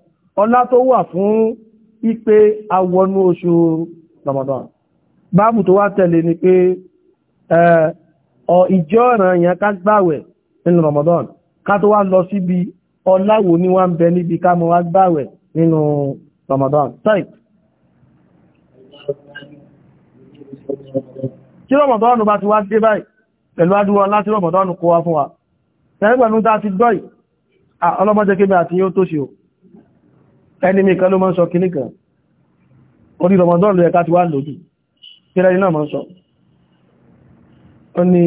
ọlá tó wà fún ipe awọnú oṣù Ramadan báàbù tó wá tẹ̀lé ni pé ọ ìjọ ọ̀ràn yẹn ká gbàwẹ̀ nínú Ramadan ká tó wá lọ síbi ọláwò ní wá ń bẹ níbi ká mọ́ wá gbàwẹ̀ nínú Ramadan type tí Ramadan bá ti wá dé báyìí pẹ̀lú adúwọ́ láti Ramadan kó wá fún wa ẹgbẹ̀rún tá ti gbọ́ yìí ọlọ́mọdé kébẹ̀ àti yóò tó ṣe o ẹni mi kan ló máa ń sọ kìíní kan orí rọmọdán ló ẹka ti wá lòdì kí lẹ́yìn náà máa ń sọ ó ní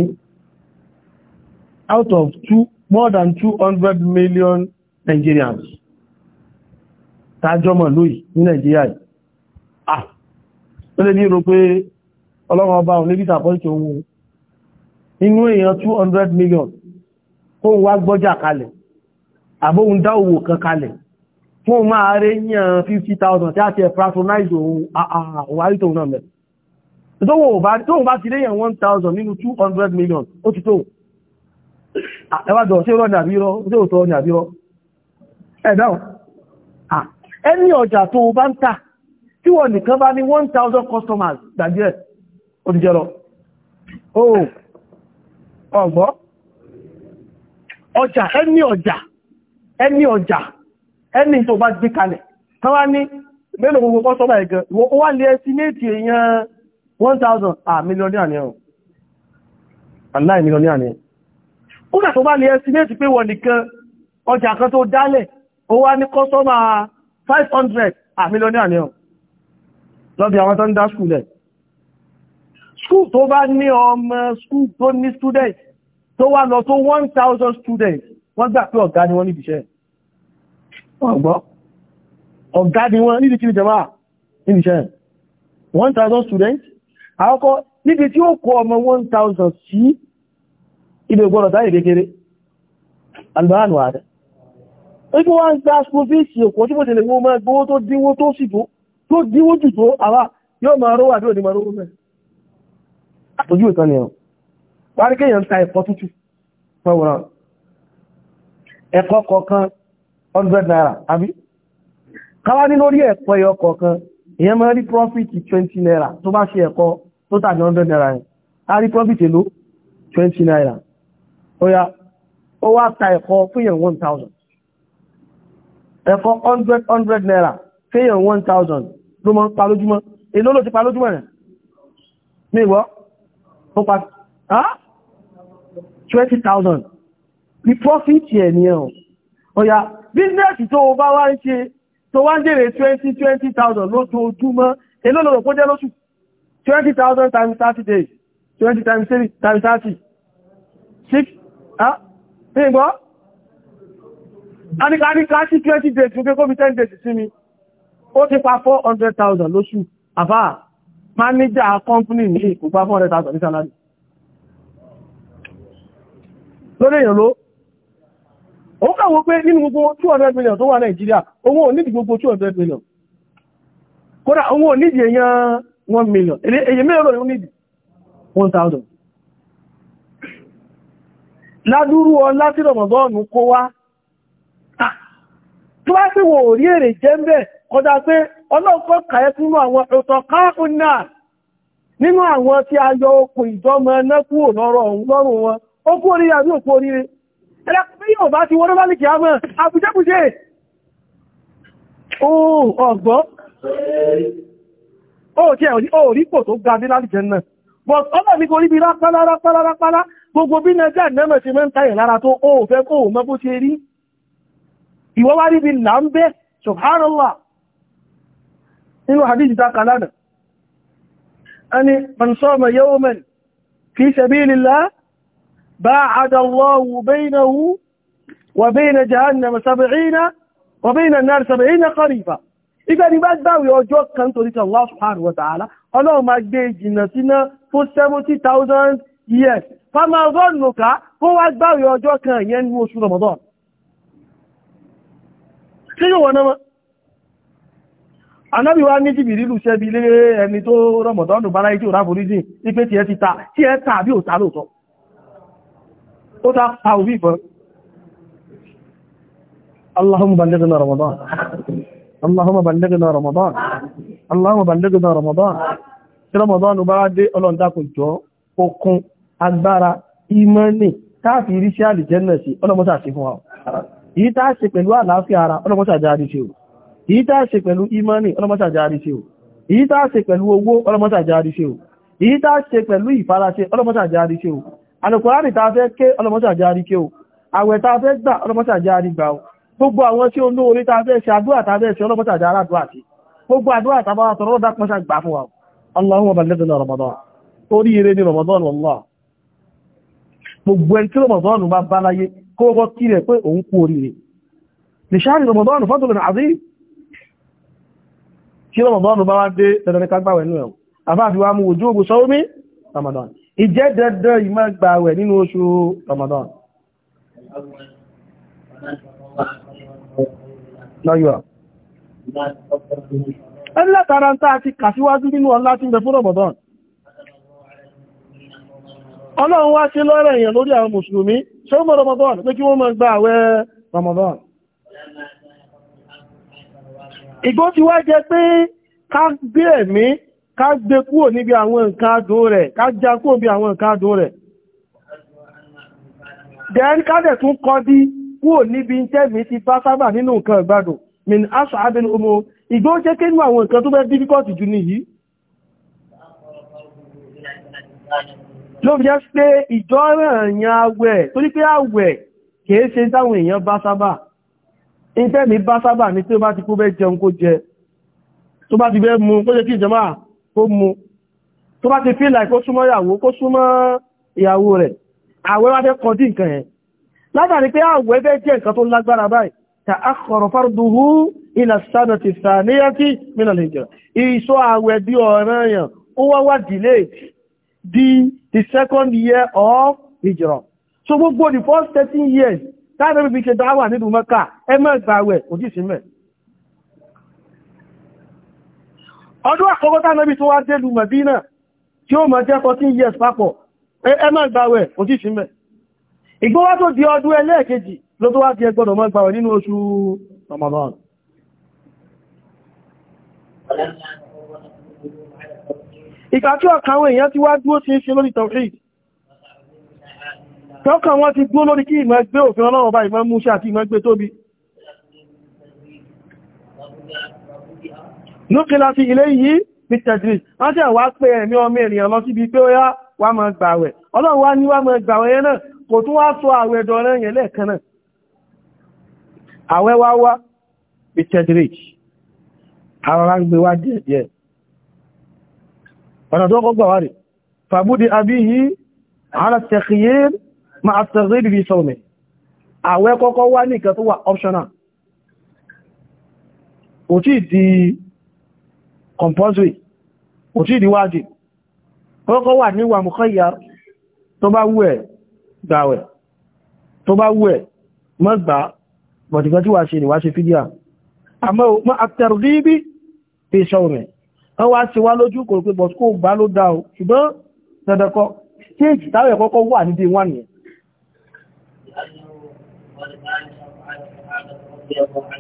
out of two more than 200 million Nigerians tàjọmọ̀ lóyìí ní Nigeria yìí ah ó lè ní ro pé ọlọ́run ọba òun lébítà pọ́ǹtì ohun inú èèyàn 200 million kó wá gbọ́jà kalẹ̀ àbóhun dá òwò kan kalẹ̀ fún máa rẹ̀ yàn 50,000 tí a ti ẹ̀ patronize ohun àwárí tóun náà mẹ́rin tóun bá ti rẹ̀ yàn 1,000 nínú 200 million ó ti tóun ẹwàjọ̀ ṣe rọ́ ní àbírọ́ ẹ̀dáhùn ẹni ọjà tó bá ń tà tí wọ́n nìkan bá ní 1000 customers gbàgbé ó ti jẹ́rọ ọgbọ́ ọjà ẹni ọjà ẹni ọjà ẹni tó bá gbé kalẹ̀ tán wá ní mélòó gbogbo kọ́ sọ́bà ẹ̀gẹ́ ó wá lé ẹsínéètì èèyàn 1000 à mílíọ̀nì àníyàn aláì mílíọ̀nì àníyàn ó gbà tó bá lé ẹsínéètì pé wọ́n nìkan ọjà kan tó dálẹ̀ ó wá ní kọ́sọ́mà 500 à mílíọ̀nì àníyàn lọ́bí àwọn tó ń dá skúlẹ̀ skúl tó bá ní ọmọ skúl tó ní student tó wá lọ tó 1000 student wọ́n gbà pé ọ̀gá ni wọ́n níbi iṣẹ́ wọ́n gbọ́ ọ̀gá ni wọ́n níbi kí ní jẹmá níbi iṣẹ́ 1000 students àkọ́kọ́ níbi tí ó kọ ọmọ 1000 sí ibẹ̀ gbọ́nà táyì kékeré albánu ààrẹ ojú wá ń gbá school fees òkú tí mo tẹ̀lé wọ́n máa gbówó tó dínwó tó sì tó tó dínwó jù tó àwá yóò máa rówà bí ò ní máa rówó mẹ́ àtòjú ìtàn ni ọ̀ parí kéèyàn ta ẹ̀kọ́ tútù pẹ̀wọ̀ràn ẹ̀kọ́ kọ̀ọ̀kan Hundred naira àbí káwá ní lórí ẹ̀kọ́ ẹyọ kọ̀ọ̀kan èèyàn máa rí profit twenty naira tó bá ṣe ẹ̀kọ́ tó tà ní naira yẹn a rí profit èló 20 naira ó yá ó wá ta ẹ̀kọ́ fúnyàn 1000 ẹ̀kọ́ hundred 100 naira fúnyàn 1000 ló mọ́ pa lójúmọ́ èló ló ti pa lójúmọ́ rẹ̀ ní ìwọ́ ó pa 20,000 ní profit yẹ̀ ní ẹ̀hùn ó yá bíznẹ́sì tó bá wá ń ṣe tó wá ń jèrè 20,000 lójoojúmọ́ elólòrò kó jẹ́ lóṣù 20,000 times 30 days 20 times 30 times 30 6 ah ẹgbọ́ aníkà sí 20 days fún kékó mi 10 days sí mi ó ti pa 400,000 lóṣù àbá manager company ní kò pa 400,000 ní salary lórí èèyàn ló ó káwọ́ pé nínú gbogbo 200 million tó wà nàìjíríà owó ò nídìí gbogbo 200 million kódà owó ò èyàn million èyí mẹ́rọ ni ó 1000 ládúrú ọlá tí rọmọgọ́ọ̀nù kó wá tó wá sí wò rí èrè jẹ́ ń kọjá pé ọlọ́pọ̀ kàyẹ́ nínú àwọn ọ̀tọ̀ káàkùn náà nínú àwọn tí a yọ ẹlẹ́kùnrin yóò bá ti wọ́n lálẹ́ kìámọ́ àbújẹ́bújẹ́ ọgbọ́ ó tí ẹ̀ orípò tó ga dé lálẹ́ jẹ́nà but ọmọ mi kò ríbi rápálá rápálá rápálá gbogbo bí nàíjíríà nẹ́mẹ̀ ti mẹ́ta yẹ̀ lára tó ó fẹ́ kó mọ́ bó ṣe rí ìwọ wá ríbi láńbẹ́ subhanallah باعد الله بينه وبين جهنم سبعين وبين النار سبعين قريبا ìgbà ní bá gbáwẹ̀ ọjọ́ kan torí kan Allah subhanahu wa ta'ala ọlọ́run máa gbé ìjìnà síná fún 70,000 years fama rọ́nù ká kó wá gbáwẹ̀ ọjọ́ kan yẹn ní oṣù Ramadan kí yíò wọ́n náà anábì wá ní jìbìrí lù ṣẹ́bi lé ẹni tó Ramadan bára ìjì òráforíjì ipé tí ẹ ti ta tí ẹ tàbí òtà lóòtọ́ ó dá pa òbí ìbọn اللهم بلغنا رمضان اللهم بلغنا رمضان اللهم بلغنا رمضان tí ramadan bá dé ọlọ́run dákun jọ okun agbára ìmọ́ni káàfi iríṣẹ́ àlìjẹ́nà sí ọlọ́mọ́sà sí fún wa yìí tá ṣe pẹ̀lú àlàáfíà ara ọlọ́mọ́sà jáàrí sí o yìí tá ṣe pẹ̀lú ìmọ́ni ọlọ́mọ́sà jáàrí sí o yìí tá ṣe pẹ̀lú owó ọlọ́mọ́sà jáàrí sí o yìí tá ṣe pẹ̀lú ìfarasẹ ọlọ́mọ́sà jáàrí sí o alùkùránì ta fẹ́ ké ọlọ́mọ́sà járí ké o àwẹ̀ ta fẹ́ gbà ọlọ́mọ́sà járí gbà o gbogbo àwọn tí ó ní orí ta fẹ́ ṣe àdúrà ta fẹ́ ṣe ọlọ́mọ́sà járí àdúrà sí gbogbo àdúrà ta bá sọ̀rọ̀ dápọ́sà gbà fún wa Allahumma ballighna Ramadan torí ire ni Ramadan Allah gbogbo ẹni tí Ramadan bá bá láyé kó kọ́ kí rẹ̀ pé òun kú oríire Ramadan bá wá dé dandan ká gbàwẹ̀ nú ẹ̀ àfáàfi mú ojú ogun sọ́wọ́mí Ramadan ìjẹ́ dandan ìmọ̀ gbà àwẹ̀ nínú oṣù Ramadan lọ́yọ̀ ẹlẹ́tara ń táa ti kàsíwájú nínú ọlá tí ń bẹ fún Ramadan ọlọ́run wá sí lọ́rọ̀ èèyàn lórí àwọn mùsùlùmí ṣe ó mọ́ Ramadan pé kí wọ́n máa gba àwẹ̀ Ramadan ìgbó ti wá jẹ pé ká gbé ẹ̀mí ká gbé kúrò níbi àwọn nǹkan adó rẹ̀ ká já kúrò níbi àwọn nǹkan adó rẹ̀ then kádẹ̀ tún kọ́ dí kúrò níbi tẹ́mì ti bá sábà nínú nǹkan ìgbádùn min aṣọ abin omo ìgbó jẹ́ kí nínú àwọn nǹkan tó bẹ́ difficult jù nìyí ló fi jẹ́ pé ìjọ́ràn-àyàn awẹ̀ torí pé awẹ̀ kìí ṣe táwọn èèyàn bá sábà ìtẹ́mì bá sábà ní tí ó bá ti kó bẹ́ jẹun kó jẹ tó bá ti bẹ́ mú kó jẹ́ kí ìjọmáà kó mu tó bá ti fi láì kó súnmọ́ ìyàwó kó súnmọ́ ìyàwó rẹ̀ àwẹ̀ wá fẹ́ kọjú nǹkan yẹn látàrí pé àwẹ̀ fẹ́ jẹ́ nǹkan tó lágbára báyìí ta akhara farduhu ila the second year of hijra so gbogbo the first thirteen years táwọn ẹbí fi ṣe dáwà nílùú Mẹ́kà ẹ mọ́ ìgbà àwẹ̀ ọdún àkọ́kọ́ tí Ànábì tó wá délù Mẹ̀dínà tí ó mọ̀ jẹ́ 14 years papọ̀ ẹ má gbàwẹ̀ òjíṣì mẹ́ ìgbówá tó di ọdún ẹlẹ́ẹ̀kejì ló tó wá di ẹgbọ́dọ̀ má gbàwẹ̀ nínú oṣù Ramadan ìgbà tí ọkàn àwọn èèyàn ti wá dúró ti ń ṣe lórí tawhid tọ́kàn wọn ti dúró lórí kí ìmọ̀ ẹgbẹ́ òfin Ọlọ́run bá ìmọ̀ mú ṣe àti ìmọ̀ ẹgbẹ́ tóbi núkílá sí ilé yìí bí tẹ̀sìrì wọ́n tẹ̀ wá pé ẹ̀mí ọmọ ènìyàn lọ síbi pé ó yá wá máa gbààwẹ̀ ọlọ́run wá ní wá máa gbààwẹ̀ yẹn náà kò tún wá sọ àwẹ̀ dọ̀rẹ́ yẹn lẹ́ẹ̀kan náà àwẹ̀ wá wá bí tẹ̀sìrì àrọ̀rá gbé wá díẹ̀díẹ̀ ọ̀nà tó kọ́gbà wá rè optional kò di compulsory kò tí ìdí wájì kọ́kọ́ wà níwà mọ́kànlá tó bá wù ẹ́ gbàwẹ̀ tó bá wù ẹ́ mọ́gbà bọ̀dìkan tí wà ṣe ni wà ṣe fídíà àmọ́ àtẹ̀rùdíbí fi ṣọ́rẹ̀ wọ́n wá ti wá lójú kò pé bọ̀tíkò gbá ló dá ṣùgbọ́n dandakọ́ stage táwọn ẹ̀kọ́kọ́ wà níbi wọ́n nìyẹn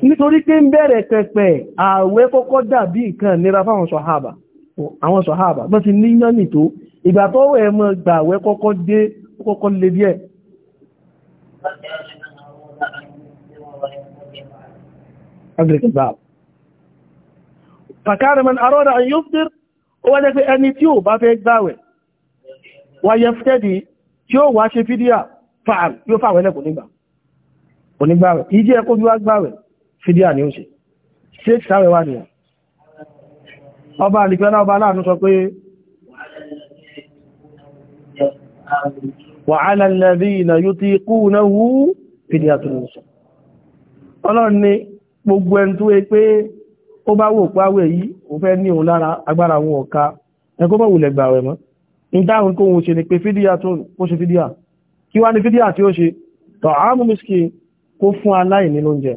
nítorí pé ń bẹ̀rẹ̀ pẹ̀pẹ̀ ààwẹ̀ kọ́kọ́ dàbí nǹkan nira fáwọn sọ̀hábà àwọn sọ̀hábà bọ́n ti níyàn nìtó ìgbà tó wẹ̀ mọ́ gbà ààwẹ̀ kọ́kọ́ dé kọ́kọ́ lè díẹ̀ Fàkàrìmàn àrọ́dà àyíyófdìr, ó wá jẹ́ pé ẹni tí ó bá fẹ́ gbáwẹ̀, wà yẹ fẹ́dì tí ó wá ṣe fídíà fààrì yóò fàwẹ́lẹ́kùn nígbà onígbàwẹ̀ ìdí ẹkójú wá gbàwẹ̀ fídíà ní oṣe ṣe sáwẹ̀ wà ní ọba alìpẹ́lá ọba aláàánú sọ pé wà álàlẹ́bí ìnà yóò ti kú náà wú fídíà tó lọ́sọ ọlọ́run ni gbogbo ẹn tó pé ó bá wò páwẹ̀ yìí ó fẹ́ ní òun lára agbára òun ọ̀ka ẹkọ́ bọ̀ wùlẹ̀ gbàwẹ̀ mọ́ ìdáhùn kóhun ṣe ni pé fídíà tó ṣe fídíà kí wá ní fídíà tí ó ṣe tọ̀ ààmù miskin kó fún aláìní lóúnjẹ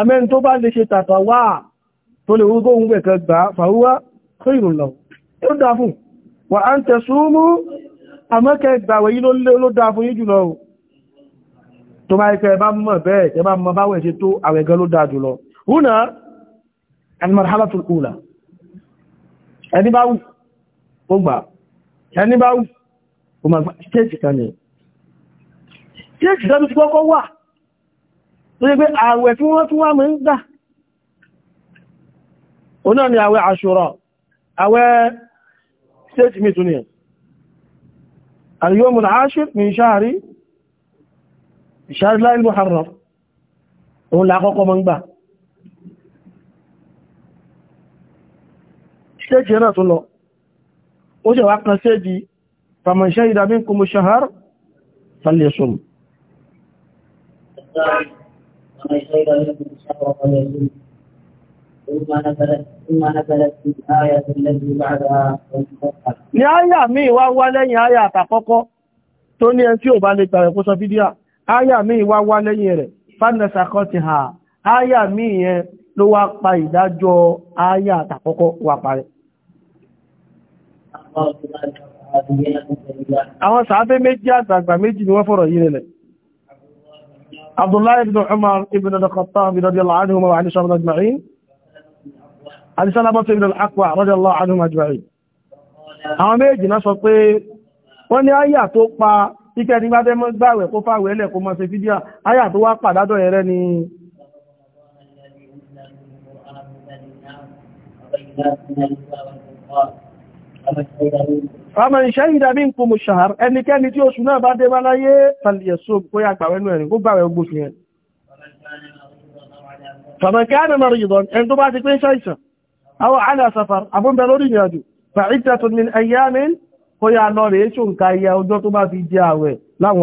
àmẹ́ni tó bá lè ṣe tàtà wà tó lè rúgbó oúnjẹ kan gbà fàúwá khairun lahu ó dá fún wà á ń tẹ̀súnmú àmọ́kẹ́ ìgbàwẹ̀ yí ló dá fún yí jùlọ tó bá ikẹ́ bá mọ̀ bẹ́ẹ̀ tẹ́ bá mọ̀ ẹni bá wù ó gbà ẹni bá wù ó ma gbà stéèjì kan nìyẹn kéèkì sọ́dún ti kọ́kọ́ wà tó yẹ pé ààwẹ̀ tí wọ́n tún wá mọ́ ń gbà o náà ni ààwẹ̀ àṣùrà ààwẹ̀ state meeting ni al-yawm al-ashir min shahri shahri láìlú muharram òun lákọ́kọ́ mọ́ ń gbà stage náà tún lọ ó sì wá kan stage faman shahida minkum ash-shahr falyasum الثالث ومن شرب منه ní àyà míì wá wá lẹ́yìn ayà àtàkọ́kọ́ tó ní ẹn tí ò bá lè gbà rẹ̀ sọ fídíà Ayà míì wá wá lẹ́yìn rẹ̀ fánàṣàkọ́ ti hà àyà míì yẹn ló wá pa ìdájọ́ ayà àtàkọ́kọ́ wà parẹ́. àwọn méjì àtàgbà méjì ni wọ́n yìí عبد الله بن عمر بن الخطاب رضي الله عنهما وعن الصحابة أجمعين عن سلمة بن الأكوع رضي الله عنهم أجمعين àwọn méjì náà sọ pé wọ́n ní àyà tó pa ikẹ́ ní gbádẹ́ mọ́ gbáwẹ̀ kó fàwẹ̀ ẹlẹ̀ kó máa ṣe fídíà àyà tó wá pàdádọ̀ ẹ̀rẹ́ ni Thank you. فمن شهد منكم الشهر ẹnikẹ́ni tí oṣù náà bá dé bá láyé فليصم kó yá gbàwẹ̀ nú ẹ̀rin kó gbàwẹ̀ gbogbo fi ẹn فمن كان مريضا ẹni tó bá ti pín ṣàìsàn أو على سفر àbúnbẹ̀ lórí من أيام kó yá lọ rèé ṣò ń ka iye ọjọ́ tó bá fi jẹ àwẹ̀ láwọn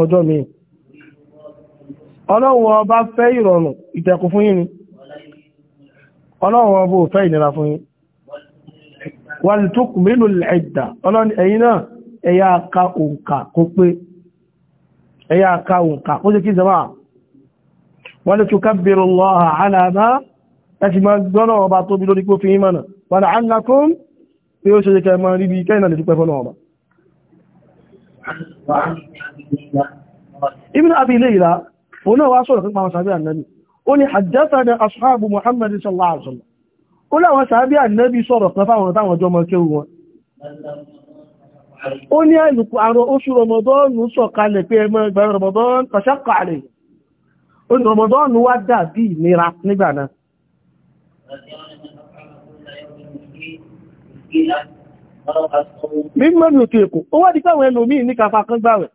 ọjọ́ wàlùtùkùmínú ẹ̀dà ọlọ́ni ẹ̀yìn náà ẹ̀yà aka òǹkà kó pé ẹ̀yà aka òǹkà kó jẹ́ kí zama wàlùtùkàbìrù lọ́ha aláàbá ẹ̀sì máa gbọ́nà ọba tóbi lórí kó fi ibn abi layla òun náà wá sọ̀rọ̀ pípa àwọn sàbí ànnabi ó ní da ashabu muhammadu sallallahu alaihi wasallam ó láwọn sàábí ànábí sọ̀rọ̀ kan fáwọn táwọn ọjọ́ mọ́ kéwù wọn ó ní àìlùkù àrọ oṣù rọmọdọ́ọ̀nù sọ̀kalẹ̀ pé ẹmọ ìgbà rọmọdọ́ọ̀nù pàṣákàlẹ̀ oṣù rọmọdọ́ọ̀nù wá dàbí ìnira nígbà náà mímọ́ ní òkè èkó ó wá di pé àwọn ẹlòmíì ní kafa kan gbàwẹ̀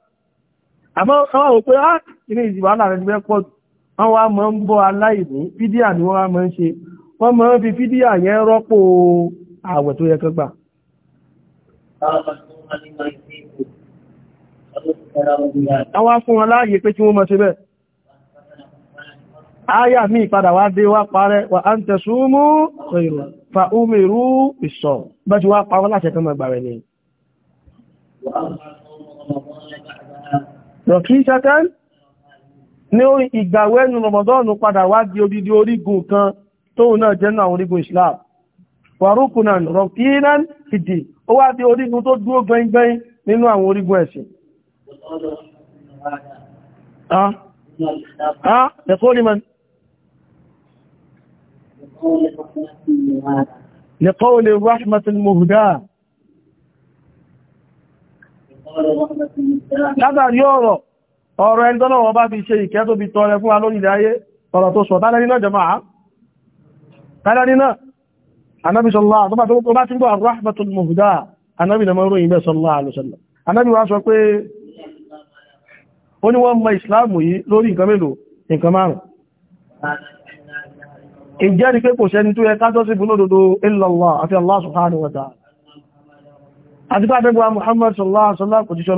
àmọ́ àwọn òpé á ah, ìrìn ìjìwà láàrin ẹgbẹ́ pọ̀ wọ́n wá mọ́ ń bọ́ aláìní fídíà ni wọ́n wá mọ́ ń ṣe wọ́n máa ń fi fídíà yẹn rọ́pò ààwẹ̀ tó yẹ kan gbà àwọn fún wọn láàyè pé kí wọ́n máa ṣe bẹ́ẹ̀ áyà mi ìpadà wá dé wá parẹ́ wà á ń tẹ̀súmú ìrù fa umiru ìsọ̀ bá ti wá pa wọ́n láṣẹ kan mọ̀gbà rẹ̀ ni rọ̀kí ṣẹ́tẹ́ ní ìgbàwẹ́nu Ramadan padà wá di odidi orígun kan tóun náà jẹ́ náà orígun islam farukunan rọ̀kínan fìdí ó wá di orígun tó dúró gbẹ́ngbẹ́ng nínú àwọn orígun ẹ̀sìn لقول الرحمة المهداة látàrí ọ̀rọ̀ ọ̀rọ̀ ẹni tọ́lọ̀wọ̀ bá fi ṣe ìkẹ́ tó fi tọrẹ fún alónìdáyé ọ̀rọ̀ tó sọ̀tálẹ́ nínú ọjọ́ máa tààrà nínà anábì sọ́lá tó bá tí ń gbọ́ arrahmatul muhda anábì na mọ́rún ìbẹ̀ sọ́lá alùsọ́lá anábì wá sọ pé ó ní wọ́n mọ ìsìláàmù yìí lórí nǹkan mélòó nǹkan márùn ìjẹ́rìí pé kò sẹ́ni tó yẹ ká jọ́sìn fún lódodo illallah àti Allah subhanahu wa ta'ala àti bá dẹ́gbà Muhammad sallallahu alaihi wasallam kò jíṣọ́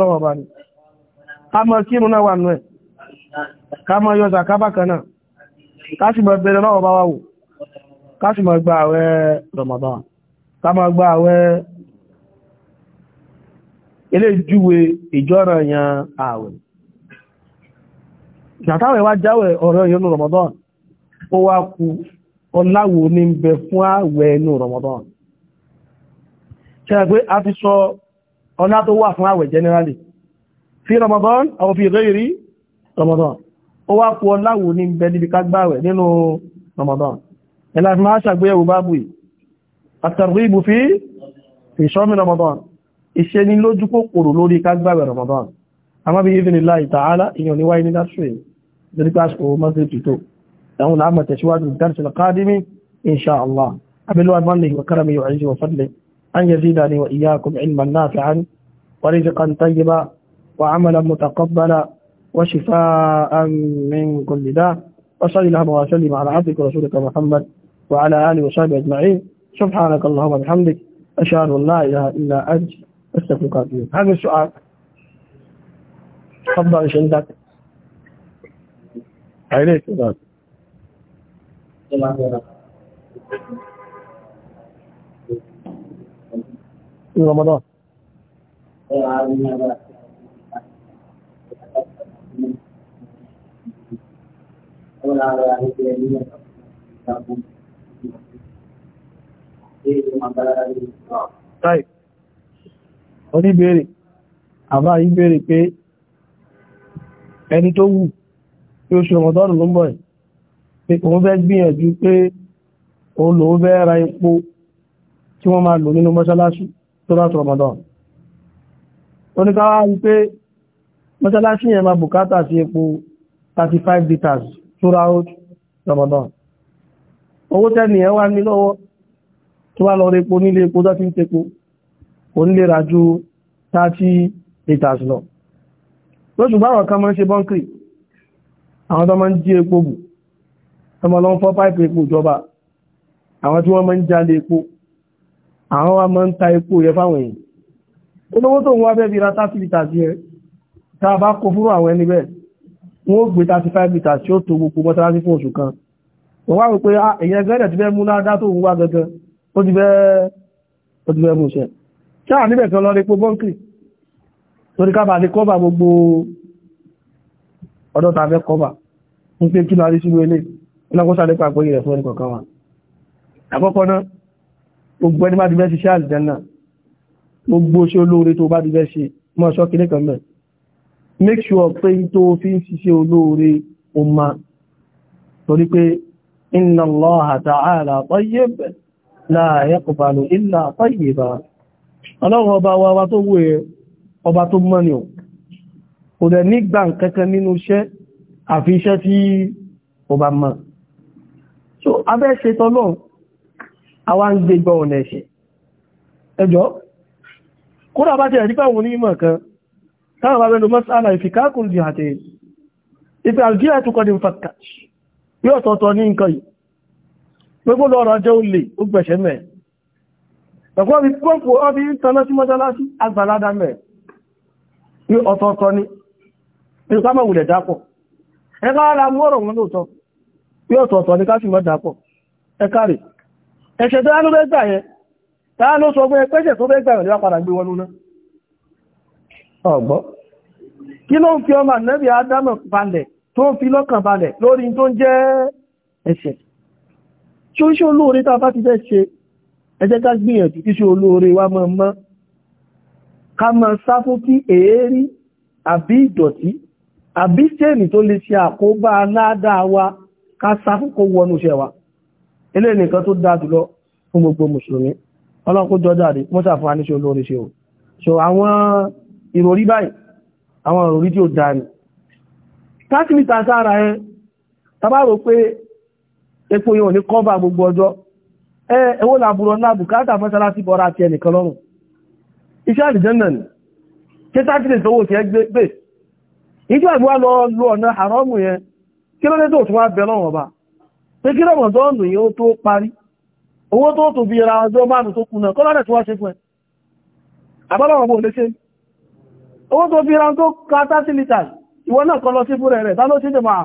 lọ́wọ́ ká sì gba àwẹ̀ Ramadan ká máa gba àwẹ̀ ilé ìjúwe ìjọ́ràn yan àwẹ̀ ìgbàtàwẹ̀ wá jáwẹ̀ ọ̀rọ̀ yẹnu Ramadan ó wá kú ọláwò ní ń bẹ fún àwẹ̀ inú Ramadan ṣẹ́gbé a ti sọ ọlá tó wà fún àwẹ̀ generally fi Ramadan aw fi ghairi Ramadan ó wá kú ọláwò ní ń bẹ níbi kágbàwẹ̀ nínú Ramadan ẹ̀lá fi máa ṣàgbéyẹ̀wò báàbù àtàríbù fi ìṣọ́mì Ramadan iṣẹ́ ni lójú kòkòrò lórí kágbàwẹ̀ Ramadan àmọ́ bí ìdí nílá ìtààlá èèyàn níwáyé ní dáṣùwẹ̀ lórí pàṣẹ mọ́sílẹ̀ tìtò dáhùn láàmà tẹ̀síwájú dáṣùlẹ̀ kádìmí insha Allah abilu admanihi wa karamihi wa ajihi wa fadli an yazidani wa iyyakum ilman nafi'an wa rizqan tayyiba wa amalan mutaqabbala wa shifaa'an min kulli وعلى آله وصحبه أجمعين سبحانك اللهم وبحمدك أشهد أن لا إله إلا أنت أستغفرك هذا السؤال تفضل ايش عندك عليك ذاك في رمضان ولا Táì, oníbèèrè, àbá yí bèèrè pé ẹni tó wù pé oṣù ọmọdọ́nù ló ń bọ̀ pé òun fẹ́ gbìyànjú pé òun lòó fẹ́ ra epo tí wọ́n máa lò nínú mọ́ṣálásí tó látọ̀ ọmọdọ́nù. Oníkáwá ń pé mọ́ṣálásí yẹn máa bùkátà sí epo 35 litres throughout Ramadan. Owó tẹ́ni ẹ wá ní lọ́wọ́ tó bá lọ repo nílé epo tó ti ń tepo kò ń lè ra ju 30 litres lọ lóṣù báwọn kan máa ń ṣe bọ́ńkì àwọn tó máa ń jí epo bù tó máa lọ ń fọ́ páìpù epo ìjọba àwọn tí wọ́n máa ń jalè epo àwọn wa máa ń ta epo yẹ fáwọn èèyàn olówó tó ń wá bẹ́ẹ̀ bí ra 30 litres yẹ tá a bá kó fúrú àwọn ẹni bẹ́ẹ̀ wọ́n gbé 35 litres tí ó tó gbogbo mọ́tàlá fún oṣù kan wọ́n wá wípé ah, èyàn gẹ́rẹ̀ ti fẹ́ mú ládá tó ń wá gangan ó ti bẹ́ẹ̀ mú ṣẹ́ ṣáà níbẹ̀ kan lọ rí po bọ́ǹkì torí ká bà lè kọ́bà gbogbo ọ̀dọ́ ta fẹ́ kọ́bà ń pé kí lọ rí sílú ilé ọlọ́kọ́sà lépa àpòyí rẹ̀ fún ẹnì kọ̀ọ̀kan wa àkọ́kọ́ náà gbogbo ẹni bá ti bẹ́ ṣiṣẹ́ àlìjẹ́nà gbogbo ṣe olóore tó bá ti bẹ́ ṣe inna Allaha ta'ala tayyib láàyẹ́kùbàlù ilá àpáyèbà ọlọ́run ọba wa tó wú ẹ ọba tó mọ́ ni ò kò dẹ̀ nígbà kankan nínú iṣẹ́ àfi iṣẹ́ tí ó bá mọ́ so abẹ́ ṣe tọ́lọ́run àwa ń gbégbọ́ ọ̀nà ẹ̀ṣẹ̀ ẹjọ́ kódà bá ti ẹ̀dípà wọn ní gbogbo lọ́rọ̀ jẹ́ olè ó gbẹ̀ṣẹ̀ mẹ́ ẹ̀kọ́ bí pọ́pù ọbí tọ́lọ́ sí mọ́sálásí agbàládà mẹ́ ní ọ̀tọ̀ọ̀tọ̀ ni ìrùkámọ̀ wùlẹ̀ dápọ̀ ẹka ara mú ọ̀rọ̀ wọn lóòtọ́ bí ọ̀tọ̀ọ̀tọ̀ ni káfí mọ́ dápọ̀ ẹkàrẹ̀ ẹ̀ṣẹ̀ tó ló bẹ́gbà yẹn tá ló sọ pé pẹ́ṣẹ̀ tó bẹ́gbà yẹn lọ́wọ́ padà gbé wọn ẹ̀ṣẹ̀ ṣe oríṣẹ́ olóore tá a bá ti fẹ́ ṣe ẹ ká gbìyànjú iṣẹ́ olóore wa mọ́ mọ́ ká mọ́ sáfó kí èérí àbí ìdọ̀tí àbí sẹ́ẹ̀nì tó lè ṣe àkóbá aládàá wa ká sáfó kó wọnú iṣẹ́ wa eléyìí nìkan tó dáa jùlọ fún gbogbo mùsùlùmí ọlọ́run kó jọjọ́ àdé mọ́sà fún aníṣẹ́ olóore ṣe o so àwọn ìròrí báyìí àwọn ìròrí tí ó dáa ni tákìlì tàṣára ẹ tabá pé epo yóò ní kọ́bà gbogbo ọjọ́ ẹwọ́ làbúrọ̀ náà bùkátà mọ́sálásí bọ́ra àti ẹnìkan lọ́rùn iṣẹ́ àlìjẹ́nà ni kí sákìlì tó wò sí ẹgbẹ́ ìjọ ìwá lọ lọ ọ̀nà àrọ́mù yẹn kí ló lédò tún wá bẹ lọ́wọ́ bá pé kí lọ́wọ́ tó ń yóò tó parí owó tó tó bí ra ọjọ́ márùn tó kùnà kọ́ lọ́dẹ̀ tó wá náà kọ́ lọ sí fún rẹ̀ rẹ̀ tá ló máa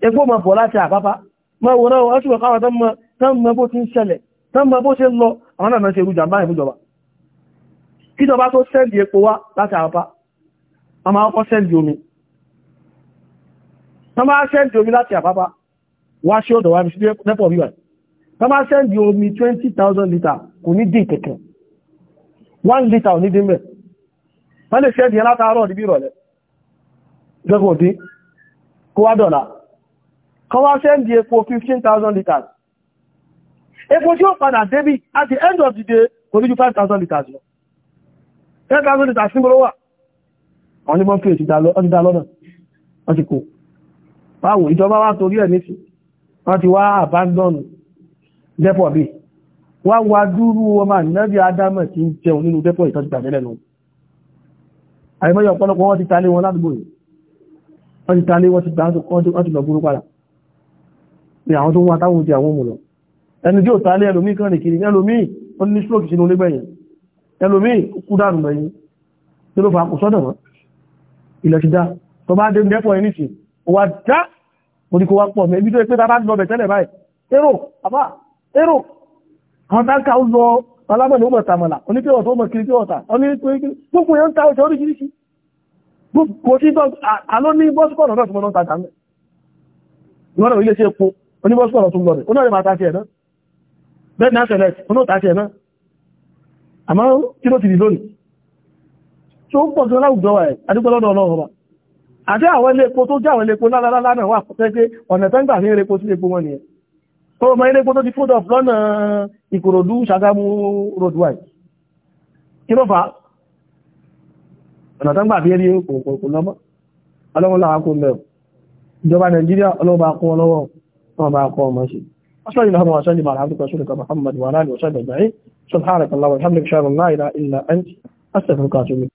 epo ma bọ̀ láti àpápá ma wọ́n náà wọ́n ṣùgbọ́n káwọn tán mọ bó ti ń ṣẹlẹ̀ tán mọ bó ṣe ń lọ àwọn náà ṣe rújà báyìí fújọba kíjọba tó sẹ́ndì epo wá láti àpápá a máa kọ́ sẹ́ndì omi tán bá sẹ́ndì omi láti àpápá wá ṣe ọ̀dọ̀ wá sí nẹ́pọ̀ wíwà tán bá sẹ́ndì omi 20,000 litre kò dín kó wá kan wá sẹ́ndì epo 15,000 litres epo tí ó padà débí at the end of the day kò ní ju 5,000 litres lọ 10,000 litres ní gbọ́lọ́wà wọ́n ní mọ́fí ètì dá lọ́nà wọ́n ti kò báwo ìjọba wá torí ẹ̀ ní sí wọ́n ti wá abandon depot bí wọ́n wá dúró ọmọ ìnábi adámọ̀ tí ń jẹun nínú depot ìtọ́jú àìmọ́yọ̀ ọ̀pọ̀lọpọ̀ wọ́n ti talé wọn ládùúgbò yìí wọ́n ti talé wọ́n ti gbáǹsù kọ́ ti lọ burú padà ni àwọn tó ń wá táwọn ti àwọn mùlọ ẹni tí ó tàálé ẹlòmí kan rìn kiri ẹlòmí ó ní stroke sínú olégbẹ̀yìn ẹlòmí kú dànù lẹ́yìn tí ló fa kò sọ́dọ̀ wọn ilẹ̀ ti dá tó bá dé dẹ́pọ̀ ẹni sí ó wá dá orí kó wá pọ̀ mẹ́bí tó pé tá bá lọ bẹ̀ tẹ́lẹ̀ báyìí èrò àbá èrò àwọn táǹkà ó lọ alámọ̀ni ó mọ̀ gbogbo yẹn ń ta ọjọ́ oríṣiríṣi gbogbo tí alọ́ ní bọ́sùkọ̀ọ̀nà náà tí mo ilé iṣẹ́ epo oníbọ́sọ̀rọ̀ tó gbọ́rẹ̀ onáre máa tàṣẹ ẹ̀nà bẹ́ẹ̀ náà ṣẹlẹ̀ oná tàṣẹ ẹ̀nà àmá kí ló ti dìdó nì tí ó ń pọ̀ sí aláwùjọ wà ẹ̀ adúgbọ́lọ́dọ̀ ọlọ́ọ̀rọ̀ àti àwọn ilé epo tó já àwọn ilé epo lálálálá náà wà pẹ́pẹ́ ọ̀nà tẹ́ńgbà ní ilé epo sí epo wọn nìyẹn tó mọ ilé epo tó ti fold off lọ́nà Ìkòròdú Ṣàgámù road wide kí ló ìjọba Nàìjíríà ọlọ́run bá kún ọlọ́wọ́ wọn bá kọ́ ọmọ sí أصلي اللهم وسلم على عبدك ورسولك محمد وعلى آله وصحبه أجمعين سبحانك اللهم وبحمدك أشهد أن لا إله إلا أنت أستغفرك وأتوب إليك